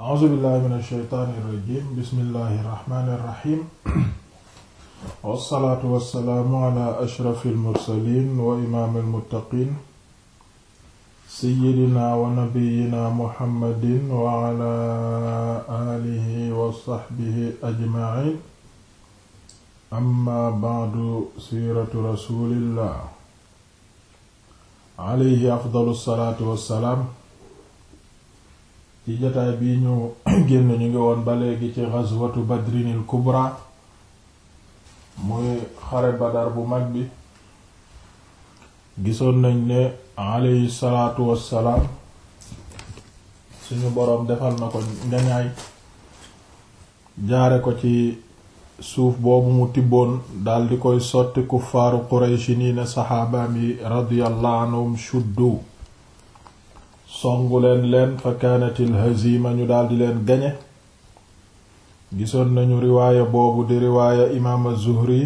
a'uuzu billahi min ashaytaani irrajim bismillahi irrahmaani irrahim wassalaatu wassalaamu ala ashrafi almursalin wa imaam almuttaqin seyidina wa nabiyina muhammadin wa ala alihi wa sahbihi ajma'in amma ba'du siiratu rasulillah alayhi afdalu salaatu wassalaam ci jotaay bi ñu génn ñu ngi woon ba léegi ci ghazwatu badrinil kubra muy xare badar bu mag bi gisoon nañ ne alayhi salaatu wassalaam suñu boroom defal na ko ngañaay jaare ko ci suuf boobu mu tibboon daldi koy sotti kuffaaru qurayshi nii ne saxaabaam yi radiyallahu anhum shuddu songu leen leen fa kaanatil hazima ñu daldi leen gañe gisoon nañu riwaaya boobu di riwaaya imaam az-Zuhri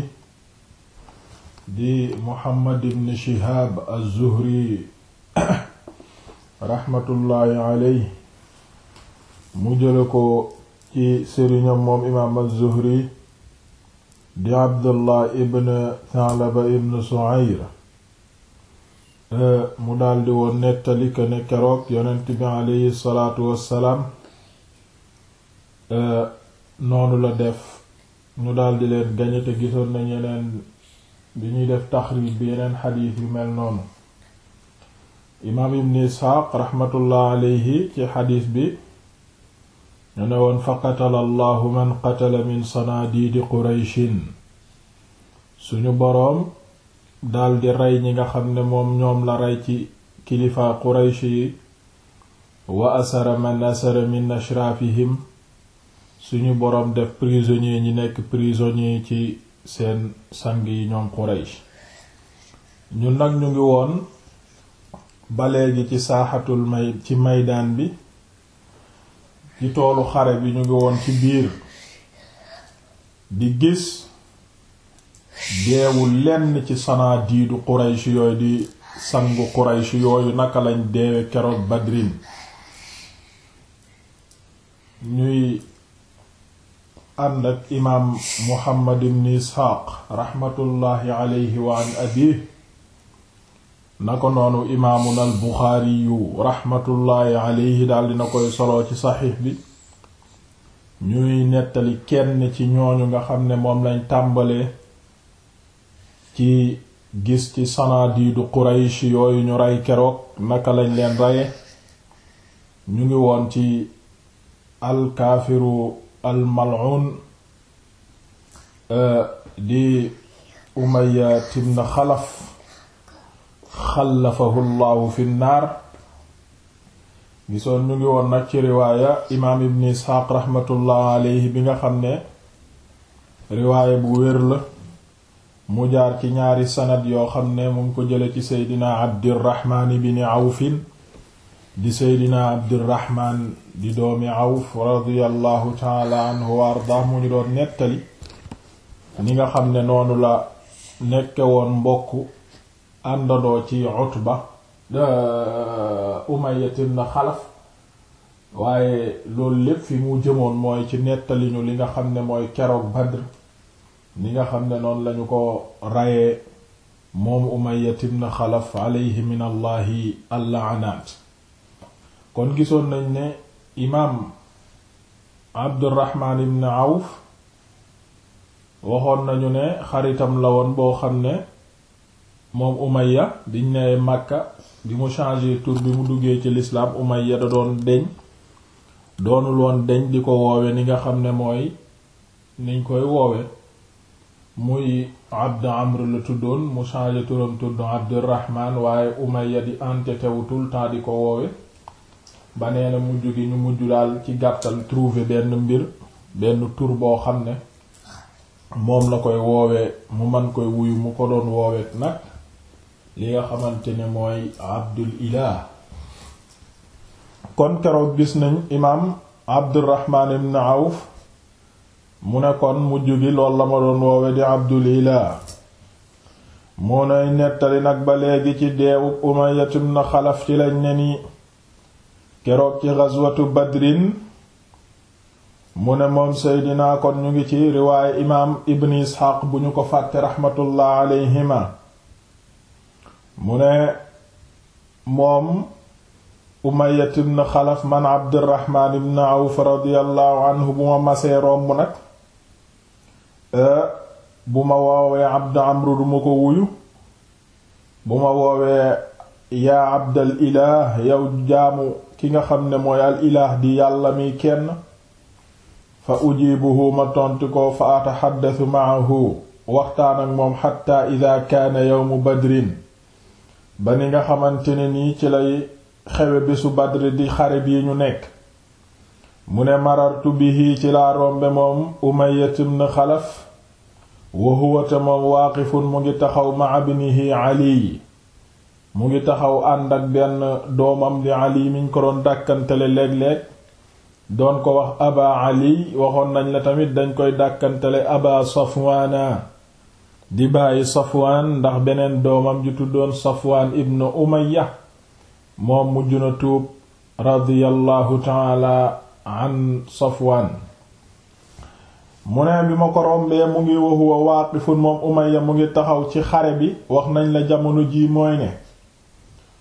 di Muhammad ibn Shihab az-Zuhri raxmatullaahi alayhi mu jële ko ci sëriñam moom imaam az-Zuhri di Abdullah ibn Thalaba ibn Su'ayr Euh, mu daldi woon nettali ko ne keroog yonent bi aleyhi salaatu wassalaam euh, noonu la def ñu daldi leen gañe te gisoon na ñeneen bi ñuy def taxrib bi yeneen xadiis yu mel noonu imaam ibn isxaaq raxmatullah aleyhi ci xadiis bi ñu ne woon fa qatala allahu man qatala min sanaadiidi qurayshin suñu boroom daldi rey ñi nga xam ne moom ñoom la rey ci kilifaa quraysh yi wa asara man asara min suñu boroom def prisonnier ñi nekk prisonnier ci seen sang yi ñoom quraysh ñu nag ñu ngi woon ba léegi ci saaxatul ci maydaan bi ci toolu xare bi ñu ngi woon ci biir di gis deewul lenn ci sanaadiidu Quraysh yooyu di sangu Quraysh yooyu naka lañ deewe keroog Badrin ñuy ànd ak imaam Muhammad ibn Isxaaq raxmatullaahi alayhi wa an abiih na ko noonu imaamuna al Buxaari yu raxmatullaahi alayhi daldi na koy solo ci saxiix bi ñuy nettali kenn ci ñooñu nga xam ne moom lañ tàmbalee ci gis ci sanadiidu Quraysh yooyu ñu rey keroog naka lañ leen reye ñu ngi woon ci alkaafiru almal'un euh, di Umayya ibn Xalaf xalafahu llahu fi nnaar gisoon ñu ngi woon nag ci riwaaya imaam ibn Isxaaq raxmatullah alayhi bi nga xam ne riwaaya bu wér la mu jaar ci ñaari sanad yoo xam ne mu ngi ko jële ci seydina abdirahmaan ibni awfin di seydina abdirahmaan di doomi awf radiyallahu taala anhu wa ardah mu ñu doon nettali ni nga xam ne noonu la nekke woon mbokk àndandoo ci utba uh, umayyat ibn xalaf waaye loolu lépp fi mu jëmoon mooy ci nettaliñu li nga xam ne mooy keroog badr ni nga xam ne noonu lañu ko rayee moom Umayya ibn Xalaf alayhi min allahi allaanaat kon gisoon nañ ne imaam Abdurrahman ibn Awf waxoon nañu ne xaritam la woon boo xam ne moom Umayya biñ nee Makka di mu changé tur bi mu duggee ci lislaam Umayya da doon deñ doonul woon deñ di ko woowe ni nga xam ne mooy niñ koy woowe muy abd amr la tuddoon mu changé turam tudd abdirahman waaye umayya di entêté wu temps di ko woowe ba nee mujj gi ñu mujj daal ci gàttal trouver benn mbir benn tur boo xam ne moom la koy woowee mu man koy wuyu mu ko doon woowee nag li nga xamante ne mooy abdul ilah kon keroog gis nañ imaam abdirahman ibn auf mu ne kon mujj gi lool la ma doon woowe di abdul ilah mu nay nettali nag ba léegi ci deewub umayya ibn xalaf ci lañ ne nii keroog ci ghazwatu badrin mu ne moom seydinaa kon ñu ngi ci riwaaye imaam ibn isxaaq bu ñu ko fàtte raxmatullah alayhima mu ne moom umayya ibn xalaf man abdurrahmaan ibn awf radiyallahu anhu bu ma masee romb nag Euh, bu ma woowee abd amru du ma ko wuyu bu ma woowee yaa abdal ilaah yow jaamu ki nga xam ne mooy al ilaah di yàlla mi kenn fa ujibuhu ma tontu ko fa ataxaddasu maahu waxtaan ak moom xatta ida kaana mu badrin ba ni nga xamante ne nii ci lay xewe bésu badr di xare bii ñu nekk mu ne marartu bihi ci laa rombe moom umayya ibn xalaf wa huwa te moom mu ngi taxaw ma ibnihi ali mu ngi taxaw ànd ak benn doomam di ali miñ ko doon dàkkantele léeg-léeg doon ko wax aba ali waxoon nañ la tamit dañ koy dàkkantele aba safwaana di bàyyi safwaan ndax beneen doomam ju tuddoon safwaan ibnu umaya moom mujj na tuub radiyallahu taala an safwaan mu ne bi ma ko rombee mu ngi waxuwa waaqifun moom Umayya mu ngi taxaw ci xare bi wax nañ la jamono ji mooy ne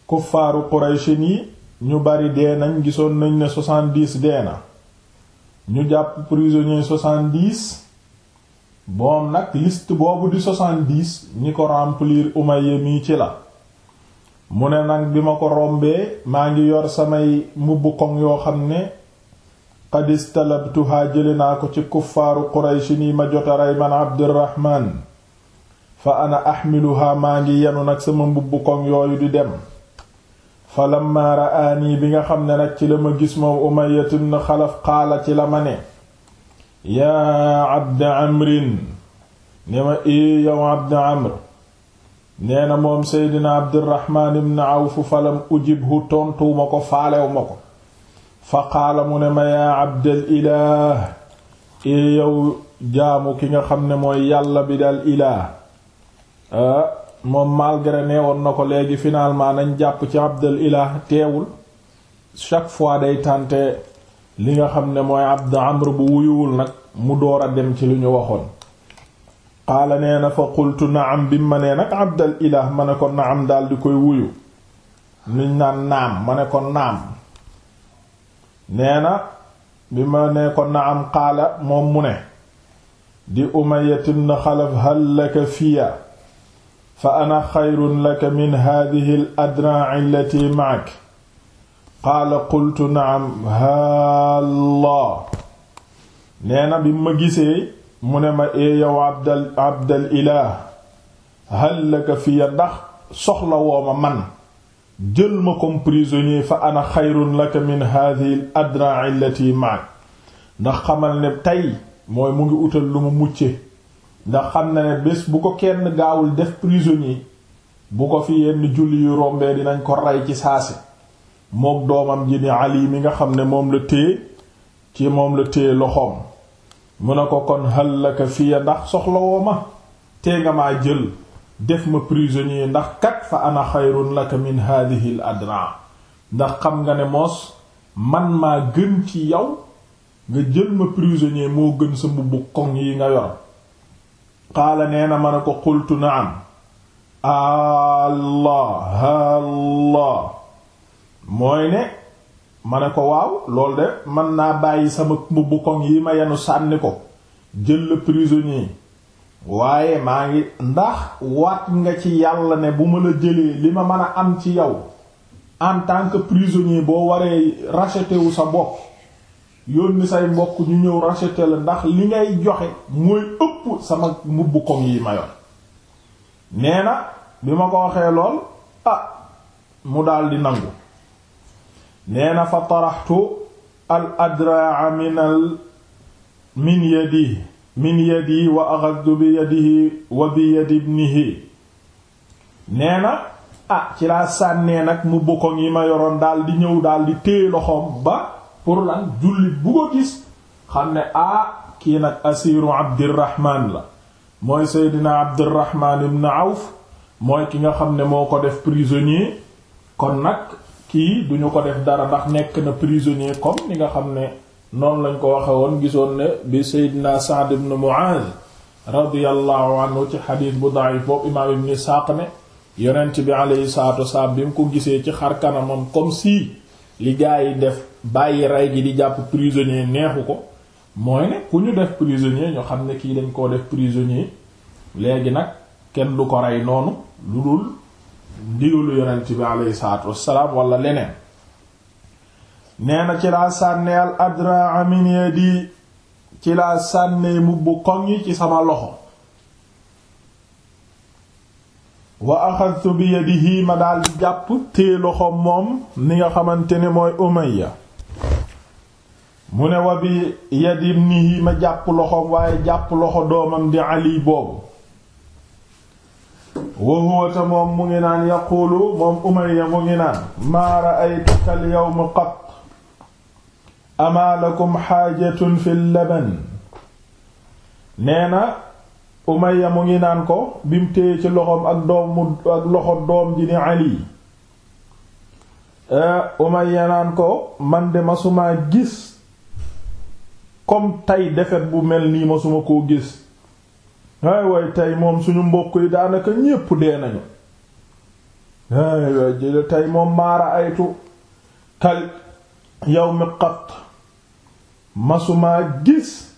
kuffaaru Qurayshin yi ñu bari dee nañ gisoon nañ ne soixante-dix dee na ñu jàpp prisonnier soixante-dix nag liste boobu di soixante-dix ñi ko remplir Umayya mii ci la mu ne nag bi ma ko rombee maa ngi yor samay mbubb koŋ yoo xam ne qad istalabtuhaa jële naa ko ci kuffaaru qurayshi nii ma jota rey man abdirahmaan fa ana axmiluhaa maa ngi yenu nag sama mbubb koŋ yooyu di dem fa lammaa ra'aanii bi nga xam ne nag ci la ma gis moom umayya ibn xalaf qaala ci la ma ne yaa abda amrin ne ma i yow abda amr nee na moom seydina abdirahmaan ibn awf falam ujibhu tontuwuma ko faalew ko fa qaala mu ne ma yaa abdal ilaah ee yow jaamu ki nga xam ne mooy yàlla bi dal ilaah moom malgré nee woon na ko léegi finalement nañ jàpp ci abdal ilaah teewul chaque fois day tànte li nga xam ne mooy abd amr bu wuyuwul nag mu door a dem ci lu ñu waxoon qaala nee na fa qultu naam bi ma nee nag abdal ilaah ma ne ko am daal di koy wuyu niñ naan naam ma ne ko naam nee na bi ma ne ko naam qaala moom mu ne di Umayya ibn Xalaf hal laka fiya fa ana xayrun laka min haadihi al adraa'i allati ma'ak qaala qultu naam hallaa nee na bi ma gisee mu ne ma ee yow abdal abdal ilaah hal laka fiya ndax soxla woo ma man jël ma comme prisonnier fa ana xayrun laka min hadhihi al adra ndax xamal ne tey mooy mu ngi utal lu mu mucce ndax xam na ne bés bu ko kenn gaawul def prisonnier bu ko fi yenn julli yu rombee dinañ ko rey ci si mook doomam ji ni Ali mi nga xam ne moom la téye ci moom la téye loxoom mu ne ko kon hal laka fiya ndax soxlawoo ma tee nga maa jël def ma prisonnier ndax kat fa ana xayrun laka min hadhihi al adra ndax xam nga ne moos man maa gën ci yow nga jël ma prisonnier moo gën sa mbubbu koŋ yi nga yor qaala nee na ma ne ko qultu naam allah allah mooy ne ma ne ko waaw lool de mën naa bàyyi sama mbubbu koŋ yi ma yenu sànni ko jël la prisonnier waaye maa ngi ndax waat nga ci yàlla ne bu ma la jëlee li ma mën a am ci yow en tant que prisonnier boo waree racheter wu sa bopp yónni say mbokk ñu ñëw racheter la ndax li ngay joxe mooy ëpp sama mbubb koŋ yi ma yor nee na bi ma ko waxee lool ah mu daldi nangu nee na fa taraxtu al adraa min al min min yi wa axadtu bi yadihi wa bi yadi ibnihi nee na ah ci laa sànnee nag mu bokkoŋ yi ma yoroon daal di ñëw daal di téye loxoom ba pour lan jullit bu ko gis xam ne ah kii nag asiiru abdirahmaan la mooy seydina abdirahmaan ibn awf mooy ki nga xam ne moo ko def prisonnier kon nag kii duñu ko def dara ndax nekk na prisonnier comme ni nga xam ne noonu lañ ko waxe woon gisoon ne bi na Sa'd ibn Mu'adh radiyallahu anhu ci xadiis bu da'if boobu imaam ibn Isaaq ne yonent bi alayhi salaatu wasalaam bi mu ko gisee ci xar kanamam comme si li gaa yi def bàyyi rey gi di jàpp prisonnier neexu ko mooy ne ku ñu def prisonnier ñu xam ne kii dañ koo def prisonnier léegi nag kenn du ko rey noonu lu dul ndigalu yonent bi alayhi salaatu wasalaam wala leneen nee na ci laa sànnee al adraa min yadi ci laa sànnee mubbu koŋ ci sama loxo wa axadtu bi yadihi ma daldi jàpp tée loxo moom ni nga xamante ni mooy umayya mu ne wa bi yadi ibnihi ma jàpp loxom waaye jàpp loxo doomam di ali boobu wa moom mu ngi naan yaquulu moom umayya mu ngi naan maa ra'aytuka al yawma qat amaa lakum xaajatun fi laban nee na Umayya mu ngi naan ko bi mu téye ci loxoom ak doom ak loxo doom ji ni Ali eh, Umayya naan ko man de masumaa gis comme tey defet bu mel nii masuma koo gis waay waay tey moom suñu mbokk yi daanaka ñépp dee nañu waay waay jële tey moom maara aytu kal yawmi qatt masumaa gis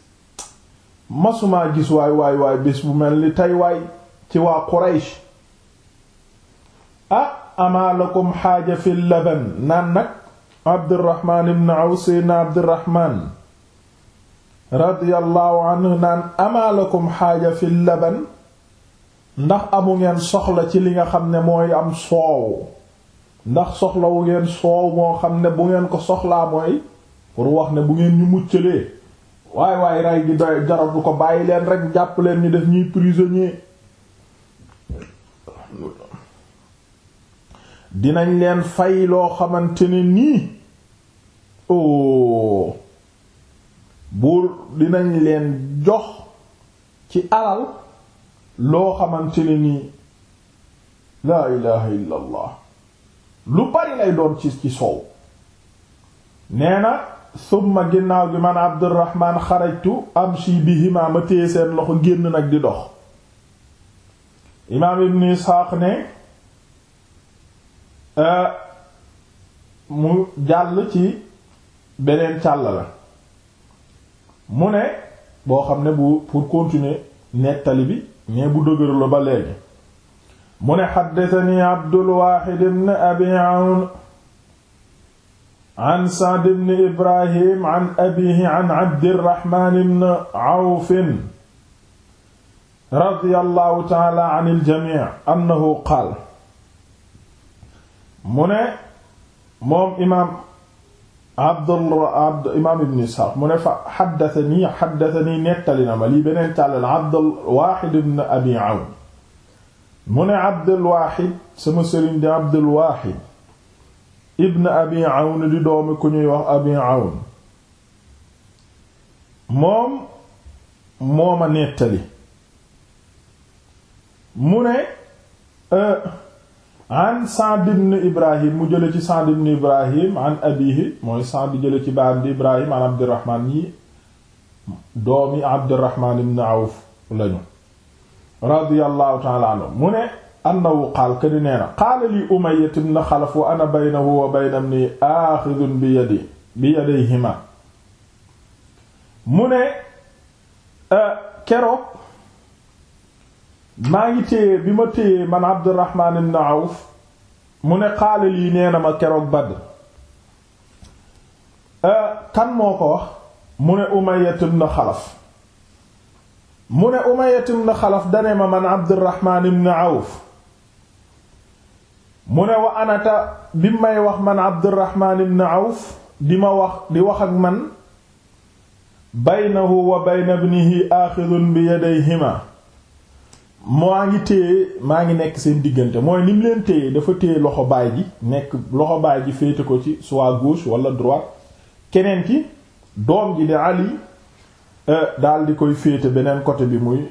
masumaa gis waay waay waay bés bu mel ni tey waay ci waa Quraysh ah amaa lakum xaaja fi laban naan nag Abdurrahman ibn Aws sayyidina Abdurrahman radiyallahu anhu naan amaa xaaja fi laban ndax amu ngeen soxla ci li nga xam ne mooy am soow ndax soxlawu ngeen soow moo xam ne bu ngeen ko soxlaa mooy pour wax ne bu ngeen ñu muccalee waay waay rey gi doy jaratu ko bàyyi leen rek jàpp leen ñu def ñuy prisonnier dinañ leen fay loo xamante ne nii oh buur dinañ leen jox ci alal loo xamante nii laa ilaha illa allah lu bari lay doon ci ci soow nee na summa ginnaaw bi man abdurrahman xarajtu amshi bihima ma téye seen loxo génn nag di dox imaam ibn isxaaq ne euh, mu jàll ci beneen càll la mu ne boo xam ne bu pour continuer nettali bi mais bu dëgëru la ba léegi mu ne xaddetani abdul waaxid ibn an Sa'd ibn Ibrahim an abiihi an Abdirrahmaan ibn Awf radiyallahu ta'ala anil jamii' annahu qaala mu ne moom imaam Abdullah imaam Ibn Isxaaq mu ne fa haddathanii haddathanii nettali na ma lii beneen tàllal Abdul Waahid ibn Abi Awn mu ne Abdul Waahid sama sëriñ di Abdul Waahid ibn abi awn di doomi ku ñuy wax abi awn moom mooma nettali mu ne euh, an Sa'd ibn Ibrahim mu jële ci Sa'd ibn Ibrahim an abihi mooy Sa'd jële ci baam di Ibrahim an Abdurrahman yi doomi Abdurrahman ibn Awf lañu radiyallahu ta'ala anhu mu ne annahu qaal kani nee na qaala li Umayya ibn Xalaf wa ana baynahu wa bayna ibni aaxidun bi yadi mu ne e, keroog maa ngi téye bi ma téye man Abdurrahman ibn Awf mu ne qaala lii nee na ma keroog Badr e, kan moo ko mu ne Umayya ibn Xalaf mu ne Umayya ibn Xalaf dane ma man Abdurrahman ibn Awf mu ne wa anata bi mu may wax man abdurrahman ibn auf di ma wax di wax ak man baynahu wa bayna ibnihi aaxidun bi yadayhima maa ngi téye maa ngi nekk seen diggante mooy ni leen téye dafa téye loxo baay ji nekk loxo baay ji féete ko ci soit gauche wala droite keneen ki doom ji di ali euh, daal di koy féete beneen côté bi muy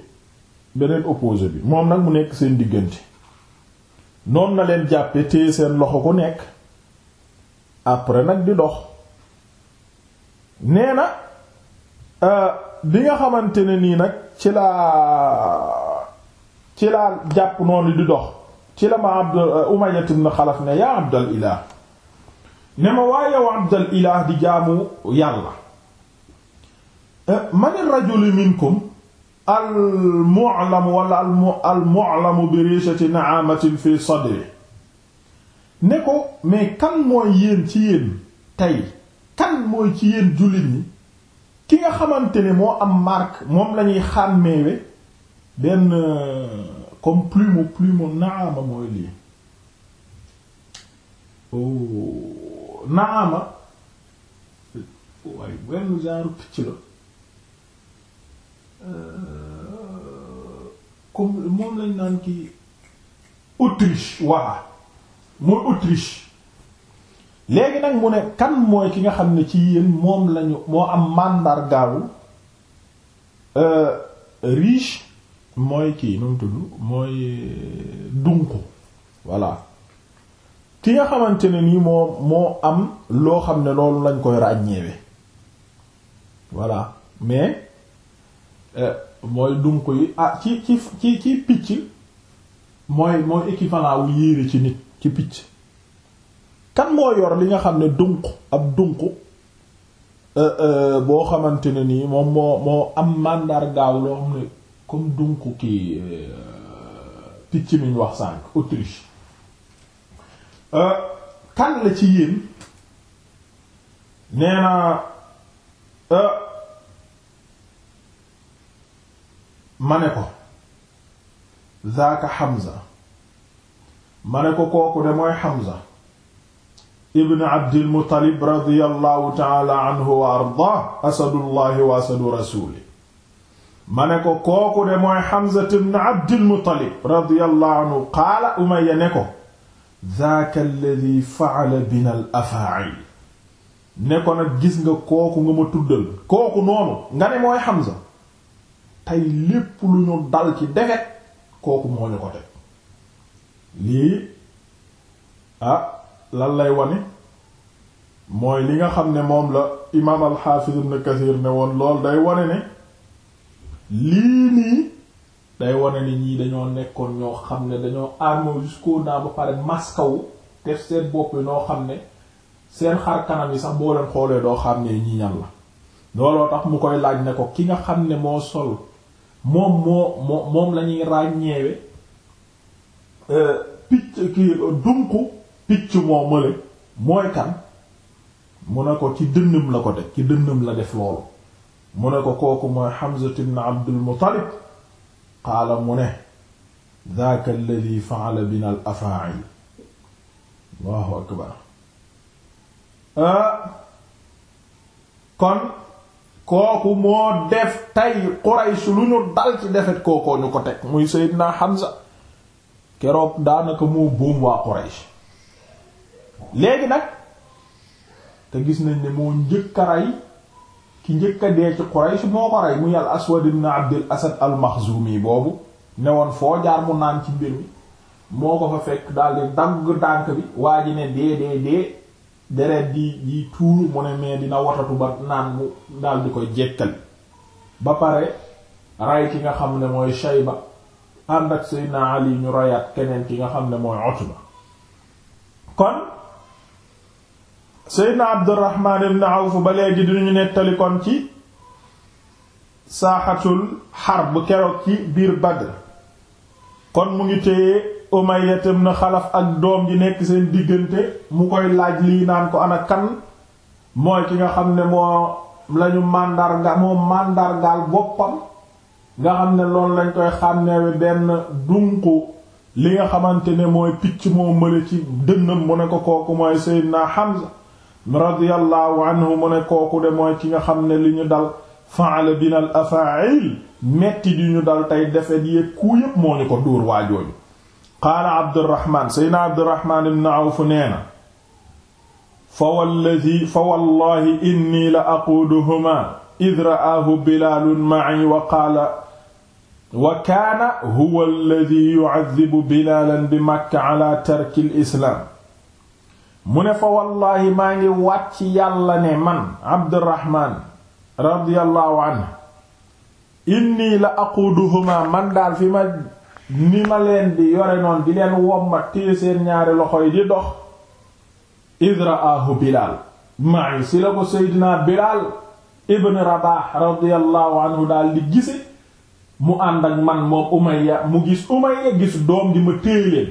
beneen opposé bi moom nag mu nekk seen diggante noonu na leen jàppe téye seen loxo ku nekk après nag di dox nee na euh, bi nga xamante ne nii nag ci laa ci laa jàpp noonu di dox ci la ma abd euh, Umayya ibn Xalaf ne yaa Abdal Ilaah ne ma waa yow Abdal Ilaah di jaamu yàlla euh, man i rajulu minkum al mu'lam wala al mu'lam bi rishati na'amatin fi sadri ne ko mais kan mooy yéen ci yéen tey kan mooy ci yéen jullit ñi ki nga xamante ne moo am marque moom lañuy xàmmeewe benn comme plume plume naama mooy lii oh naama waaye benn genre picc la Euh, comme moom lañ naan ki Autriche voilà mooy Autriche léegi nag mu ne kan mooy ki nga xam ne ci yéen moom lañu moo am màndargaawu euh, riche mooy kii nu mu tudd mooy euh, dunku voilà ki nga xamante ne nii moo moo am loo xam ne loolu lañ koy ràññeewe voilà mais Euh, mooy dunq yi ah ci ci ci ci picc mooy mooy équivalent wu yéere ci nit ci picc kan moo yor li nga xam ne dunq ab dunq euh, euh, boo xamante ne nii moom moo moo am màndargaaw loo xam ne comme dunq ki picc mi wax sànq Autriche kan la ci yéen nee mane ne ko zaaka Hamza ma ne ko kooku de mooy Hamza ibn ta'ala anhu wa ardaa asadullahi wa asadu rasuuli ma ne ko kooku de Hamza ibn Abdil Muttalib radiyallahu anhu qaala Umayya ne ko zaaka alladhi fa'ala bina al-afaa'i ne ko gis nga kooku nga ma tuddal kooku noonu nga ne Hamza tey lépp lu ñu dal ci defet kooku moo ñu ko teg lii ah lan lay wane mooy li nga xam ne moom la imaam alxaafiz ibn Kathir ne woon lool day wane ne lii nii day wane ni ñii dañoo nekkoon ñoo xam ne dañoo armé jusqu'aux dents ba pare maskawu def seen bopp yi noo xam ne seen xar kanam yi sax boo leen xoolee doo xam ne ñii ñan la looloo tax mu koy laaj ne ko ki nga xam ne moo sol moom moo moo moom la ràññeewe euh, picc ki dunku picc moo mële mooy kan mu ne ko ci dënnam la ko def ci dënnam la def loolu mu ne ko kooku mooy Hamza ibn Abdul Muttalib qaala mu ne daaka alladhi fa'ala bina al euh, kon kooku moo def tey Quraysh lu ñu dal ci defet kookoo ñu ko teg muy Seydina Hamza keroog daanaka moo boom waa Quraysh léegi nag te gis na ne moo njëkk a rey ki njëkk a dee ci Quraysh moo ko rey muy al Aswad ibn Asad al Maxzumi boobu ne woon foo jaar mu naan ci mbir mi moo ko fa fekk daldi dagg dànk bi waa ji ne dee dee dee deret di di tuuru mu ne mee dina watatu ba naan mu daal di koy jekkal ba pare ray ki nga xam ne mooy Shayba ànd ak Seydina Ali ñu rayaat keneen ki nga xam ne mooy Utba kon Seydina Abdurrahman ibn Awf ba léegi dinañu nettali kon ci saaxatul xarb keroog ci biir Badr kon mu ngi téye Umayya na Xalaf ak doom ji nekk seen diggante mu koy laaj lii naan ko ana kan mooy ki nga xam ne moo lañu màndarga moo màndargaal boppam nga xam ne lool lañ koy xàmmeewe benn dunqu li nga xamante ne mooy picc moo mële ci dënnam mu ne ko kooku mooy Seydina Hamza radiyallahu anhu mu ne kooku de mooy ki nga xam ne li ñu dal faala binal afail metti di ñu dal tey defet yéeg ku yépp moo ñu ko dóor waajooju qaala abdirahman seydna abdirahman ibn awf nee na fa walladi fa wallahi inni la aquuduhuma id ra'aahu bilaalun ma'i wa qaala wa kaana huwa alladi yu'adhibu bilaalan bi makka ala tarki lislaam mu ne fa wallaahi maa ngi wàcc yàlla ne man abdirahman radiyallahu anhu inni la aquuduhuma man daal fi ma ni ma leen di yore noonu di leen wommat téye seen ñaari loxo yi di dox idraahu Bilaal maay si la ko Seydina Bilaal ibn Rabah radiyallahu daal di gise mu ànd ak man moom Umayya mu gis Umayya gis doom di ma téye leen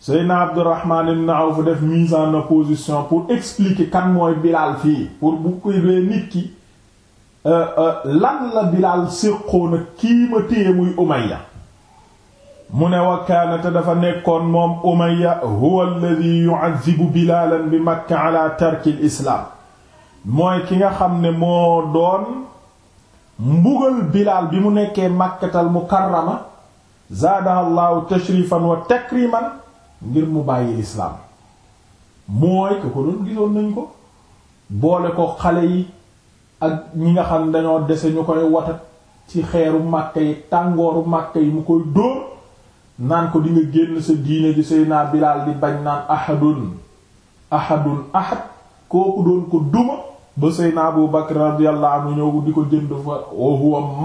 Seydina Abdurrahman ibn Awf def mise en opposition pour expliquer kan mooy Bilaal fii pour bu koy dee nit ki euh, euh, lan la Bilaal séqoon ak kii ma téye muy Umayya mu ne wa kaanate dafa nekkoon moom Umayya huwa alladhi yu'adhibu Bilaalan bi Makka ala tarkil islaam mooy ki nga xam ne moo doon mbugal Bilaal bi mu nekkee Makkatal Mukarrama zaadaha llaahu tashrifan wa takriman ngir mu bàyyi lislaam mooy ko ko doon gisoon nañ ko boole ko xale yi ak ñi nga xam dañoo dese ñu koy watat ci xeeru Makka yi tàngooru Makka yi mu koy dóor naan ko di nga génn sa diine ji Seydina Bilaal di bañ naan ahadun ahadun ahad kooku doon ko duma ba Seydina Abu Bakr di ko jënd fa wa huwa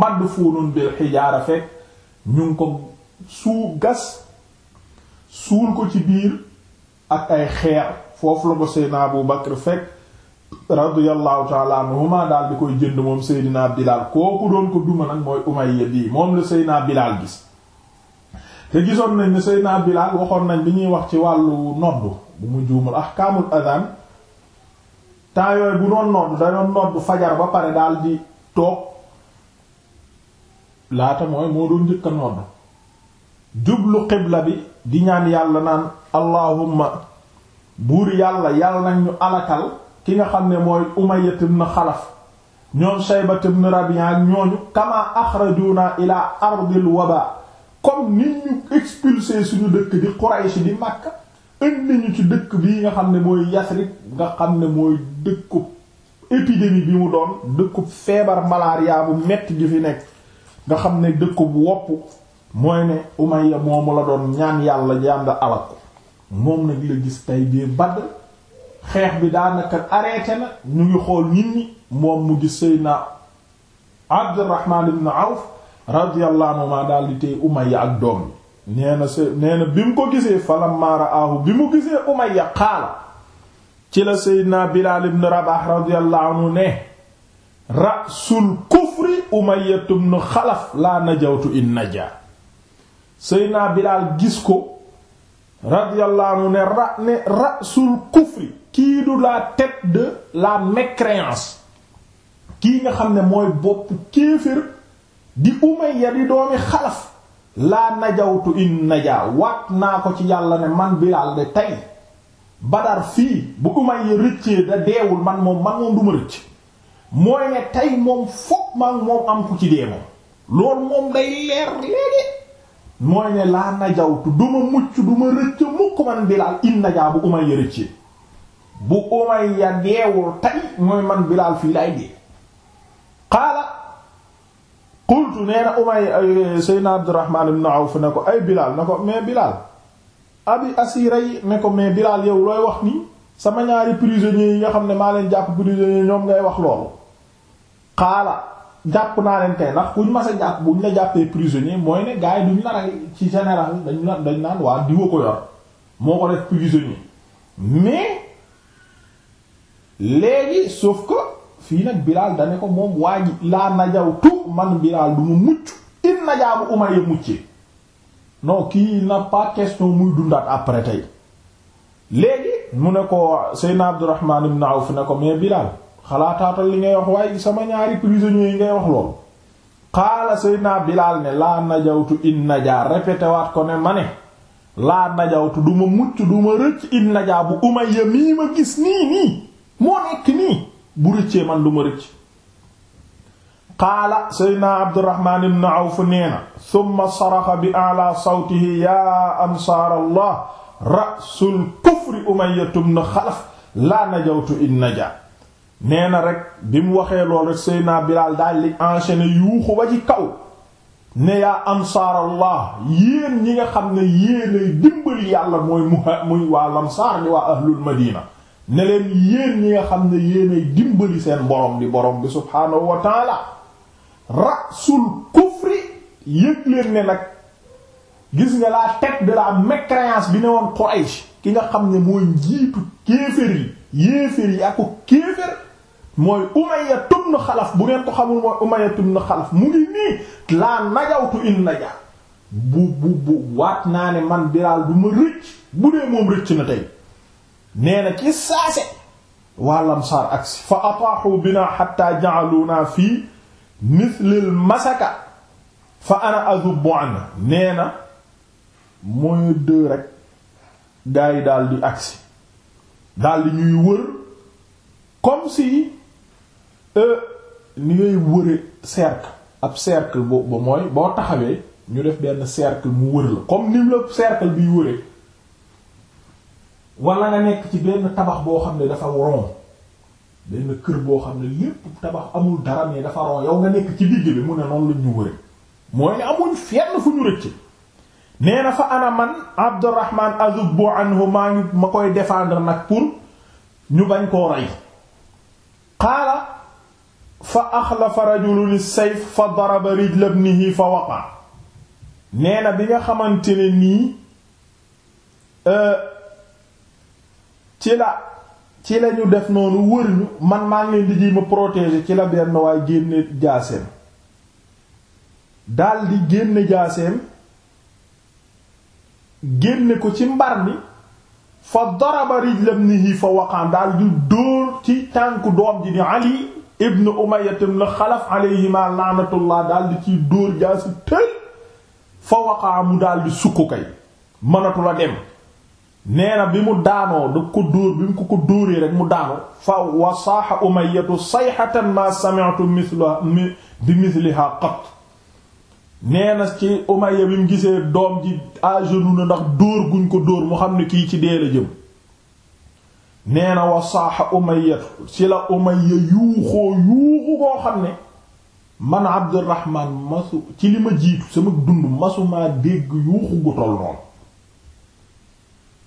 ko ci biir ak ay xeer foofu la kooku doon ko duma nag mooy Umayya bii moom la Seydina Bilaal gis te gisoon nañ ne Seydina Bilaal waxoon nañ bi ñuy wax ci wàllu noddu bu mu juumul ahkaamul adaan temps bu doon noddu da doon fajar ba pare daal di toog laata mooy moo doon njëkk a jublu xibla bi di ñaan yàlla naan allahumma buur yàlla yàlla nañ ñu alakal ki nga xam ne mooy Umayya ibn Xalaf ñoom Shayba ibn Rabi'a ñooñu kama axrajuna ila ardil waba comme nit ñu expulsé suñu dëkk di Quraysh di Makka indi ñu ci dëkk bii nga xam ne mooy Yasrib nga xam ne mooy dëkku épidémie bi mu doon dëkku feebar malaria bu metti gi fi nekk nga xam ne dëkku wopp mooy ne Umayya moomu la doon ñaan yàlla jànd alal ko moom nag la gis tay bii Badr xeex bi daanaka arrêté na ñu ngi xool nit ñi moom mu gis Seydina Abdurrahman ibn Awf radiyallahu anhuma daal di tey Umayya ak doom bi nee se nee bi mu ko gisee falamma raahu bi mu gisee Umayya qaala ci la Seydina Bilaal ibn Rabaah radiyallahu anhu ne rasul kufri Umayya Xalaf laa najawtu in naja Seydina Bilaal gis ko radiyallahu anhu ne ne rasul kufri kii du la tête la mécréance kii nga xam ne mooy bopp kéefër di ya di doomi Xalaf laa najawtu in najaa waat naa ko ci yàlla ne man Bilaal de tey Badar fii bu Umayya rëccee da deewul man moom man moom duma rëcc mooy ne tey moom foog man moom am ku ci dee moom loolu moom day leer léegi mooy ne laa najawtu duma mucc duma rëcc mukk man Bilaal in najaa bu Umayya rëccee bu Umayya deewul tey mooy man Bilaal fii lay dee qaala qultu nee na umay eh, seydna abdurrahman ibn awf ne ko ay bilaal ne ko mais bilaal abi asira yi ne ko mais bilaal yow looy wax nii sama ñaari prisonniers yi nga xam ne maa leen jàpp prisonniers ñoom ngay wax loolu xaala jàpp naa leen tey ndax kuñ mas a jàpp buñ la jàppee prisonnier mooy ne gars duñ la rey ci général dañ la dañ naan waa diwa ko yor moo ko def prisonnier mais léegi sauf que fii nag Bilaal dane ko moom waa ji laa najawtu man Bilaal du ne ko Seydina Abdurrahman ibn Awf ne ko mais Bilaal xalaataatal li ngay wax sama ñaari prisonniers yi ngay wax loolu xaala Seydina Bilaal ne laa najawtu in najaa répété waat ko ne ma ne mucc in najaa bu Umayya mii ma gis nii nii moo nekk nii bu rëccee man du ma rëcc qaala seydna abdurahmaan ibn awf nee na summa saraxa bi ala sawtihi yaa ansaar allah rasul kufri umayyatu ibn xalaf laa najawtu in nee na rek bi mu waxee lool rek seydna bilaal daal li enchaîné yuuxu ba ci kaw ne yaa ansaar yéen ñi nga xam ne yéenay dimbali yàlla mooy mu waa lamsaar waa ahlul madina ne leen yéen ñi nga xam ne yéenay dimbali seen borom bi borom bi subhaanahu wa rasul kufri yëg leen ne nag gis nga laa tête de la mécréance bi ne woon Quraish ki nga xam ne mooy njiitu kéefër yi yéefër yi ak ko kéefër mooy Umayya ibn Xalaf bu ngeen ko xamul mooy Umayya ibn Xalaf mu ngi nii laa najawtu in naja bu bu bu waat naa ne man Bilaal du ma rëcc bu dee moom rëcc na tey nee na ci saase waa lamsaar agsi fa ataaxu bina xatta ja'aluna fii mithlil masaka fa ana azubu an nee na mooy dë rek gaa yi daldi agsi daal ñuy wër comme si euh, ni ngay wëre cercle ab cercle boobu ba mooy boo taxawee ñu def benn cercle mu wër la comme ni la cercle biy wëre wala nga nekk ci benn tabax boo xam ne dafa rond benn kër boo xam ne lépp tabax amul dara mais dafa rond yow nga nekk ci digg bi mu ne noonu la ñu wëre mooy ne amuñ fenn fu ñu rëcc nee fa ana man Abdurrahman azubbu anhu maa ma koy défendre nag pour ñu bañ koo rey qaala fa axlafa rajulun sayf fa daraba rijla ibnihi fa waqa nee bi nga xamante ne nii euh, ci la ci la def noonu wër ñu man maa ngi leen ma protéger ci la benn waaye génne jaaseem daldi di génne jaaseem génne ko ci mbar mi fa daraba rijlabnihi fa waqaan daal dóor ci tànk doom ji ni Ali ibn Umayya ibn Xalaf alayhima laanatullah daal ciy dóor jaasi tëy fa waqaa mu sukk kay mënatu la dem nee bi mu daanoo da ko dóor bi mu ko ko dóoree rek mu daanu faw wasaaxa umayyatu sayxatan ma sami'tu mithla bi mithliha qat nee na ci umayya bi mu gisee doom ji agenu na ndax dóor guñ ko dóor mu xam ne kii ci dee la jëm nee na wasaaxa umayyatu ci la umayya yuuxoo yuuxu koo xam ne man abdurrahman masu ci li ma jiitu sama dund masumaa dégg yuuxu gu toll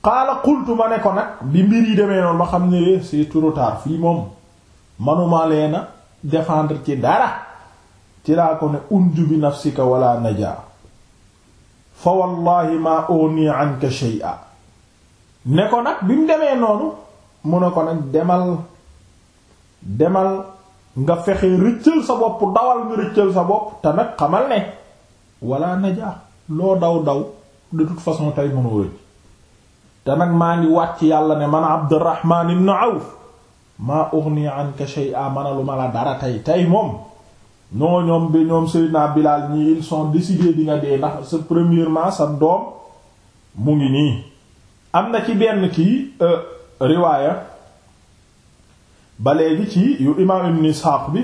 qaala qultu ma ne ko nag bi mbir yi demee noonu ma xam ne eh, c'est trop tard fii moom manuma leena défendre ci dara ci laa ko ne unju bi nafsika wala najaa fa wallahi ma uni anka shay'a ne ko nag bi mu demee noonu mu ne ko nag demal demal nga fexe rëccal sa bopp dawal nga rëccal sa bopp te nag xamal ne wala najaa loo daw daw de toute façon tey mënoo rëcc te nag maa ngi wàcc yàlla ne man Abdurrahman ibn Awf maa ughni anka shay'a manalu ma la dara tey tey moom non ñoom bi ñoom Seydina Bilal ñi ils sont décidés di nga dee ndax sa premièrement sa doom mu ngi nii am na ci benn kii euh, riwaaya ba ci yu imaam ibn Isxaaq bi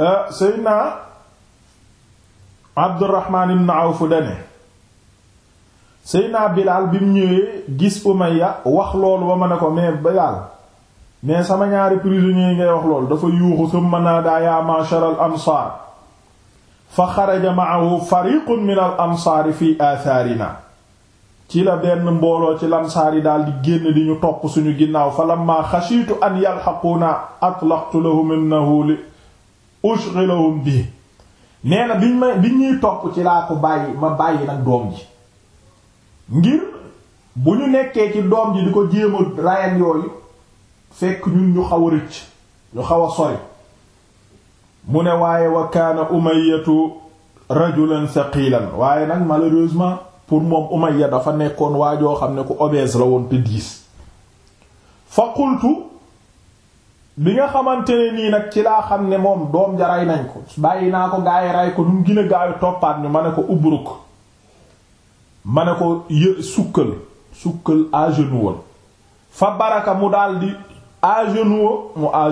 euh, Seydina Abdurrahman ibn Awf dane naa Bilaal bi mu ñëwee gis Umayya wax loolu ba ma ne ko mais Bilaal mais sama ñaari prisonniers ngay wax loolu dafa yuuxu summa naadaa yaa ma'shar al ansaar fa xaraja ma'ahu fariqun min al ansaari fi athaarina ci la benn mbooloo ci lansaar yi daal di génn di ñu topp suñu ginnaaw fa lamma xashiitu an yalxaquuna atlaqtu lahum innahu li ushghilahum bi nee na biñ ñuy topp ci laa ko bàyyi ma bàyyi nag doom ji ngir bu ñu nekkee ci doom ji di ko jéem a rayal yooyu fekk ñun ñu xaw rëcc ñu xaw a sori mu ne waaye wa kaana umayyatu rajulan saqilan waaye nag malheureusement pour moom umayya dafa nekkoon waa joo xam ne ku obèse la woon te diis fa qultu bi nga xamante ne nii nag ci laa xam ne moom doom ja rey nañ ko bàyyi naa ko gaa ray ko nu mu gën gaayu toppaat ñu ma ne ko ubruk ma ne ko yë sukkal sukkal à fa baraka mu daldi à mu à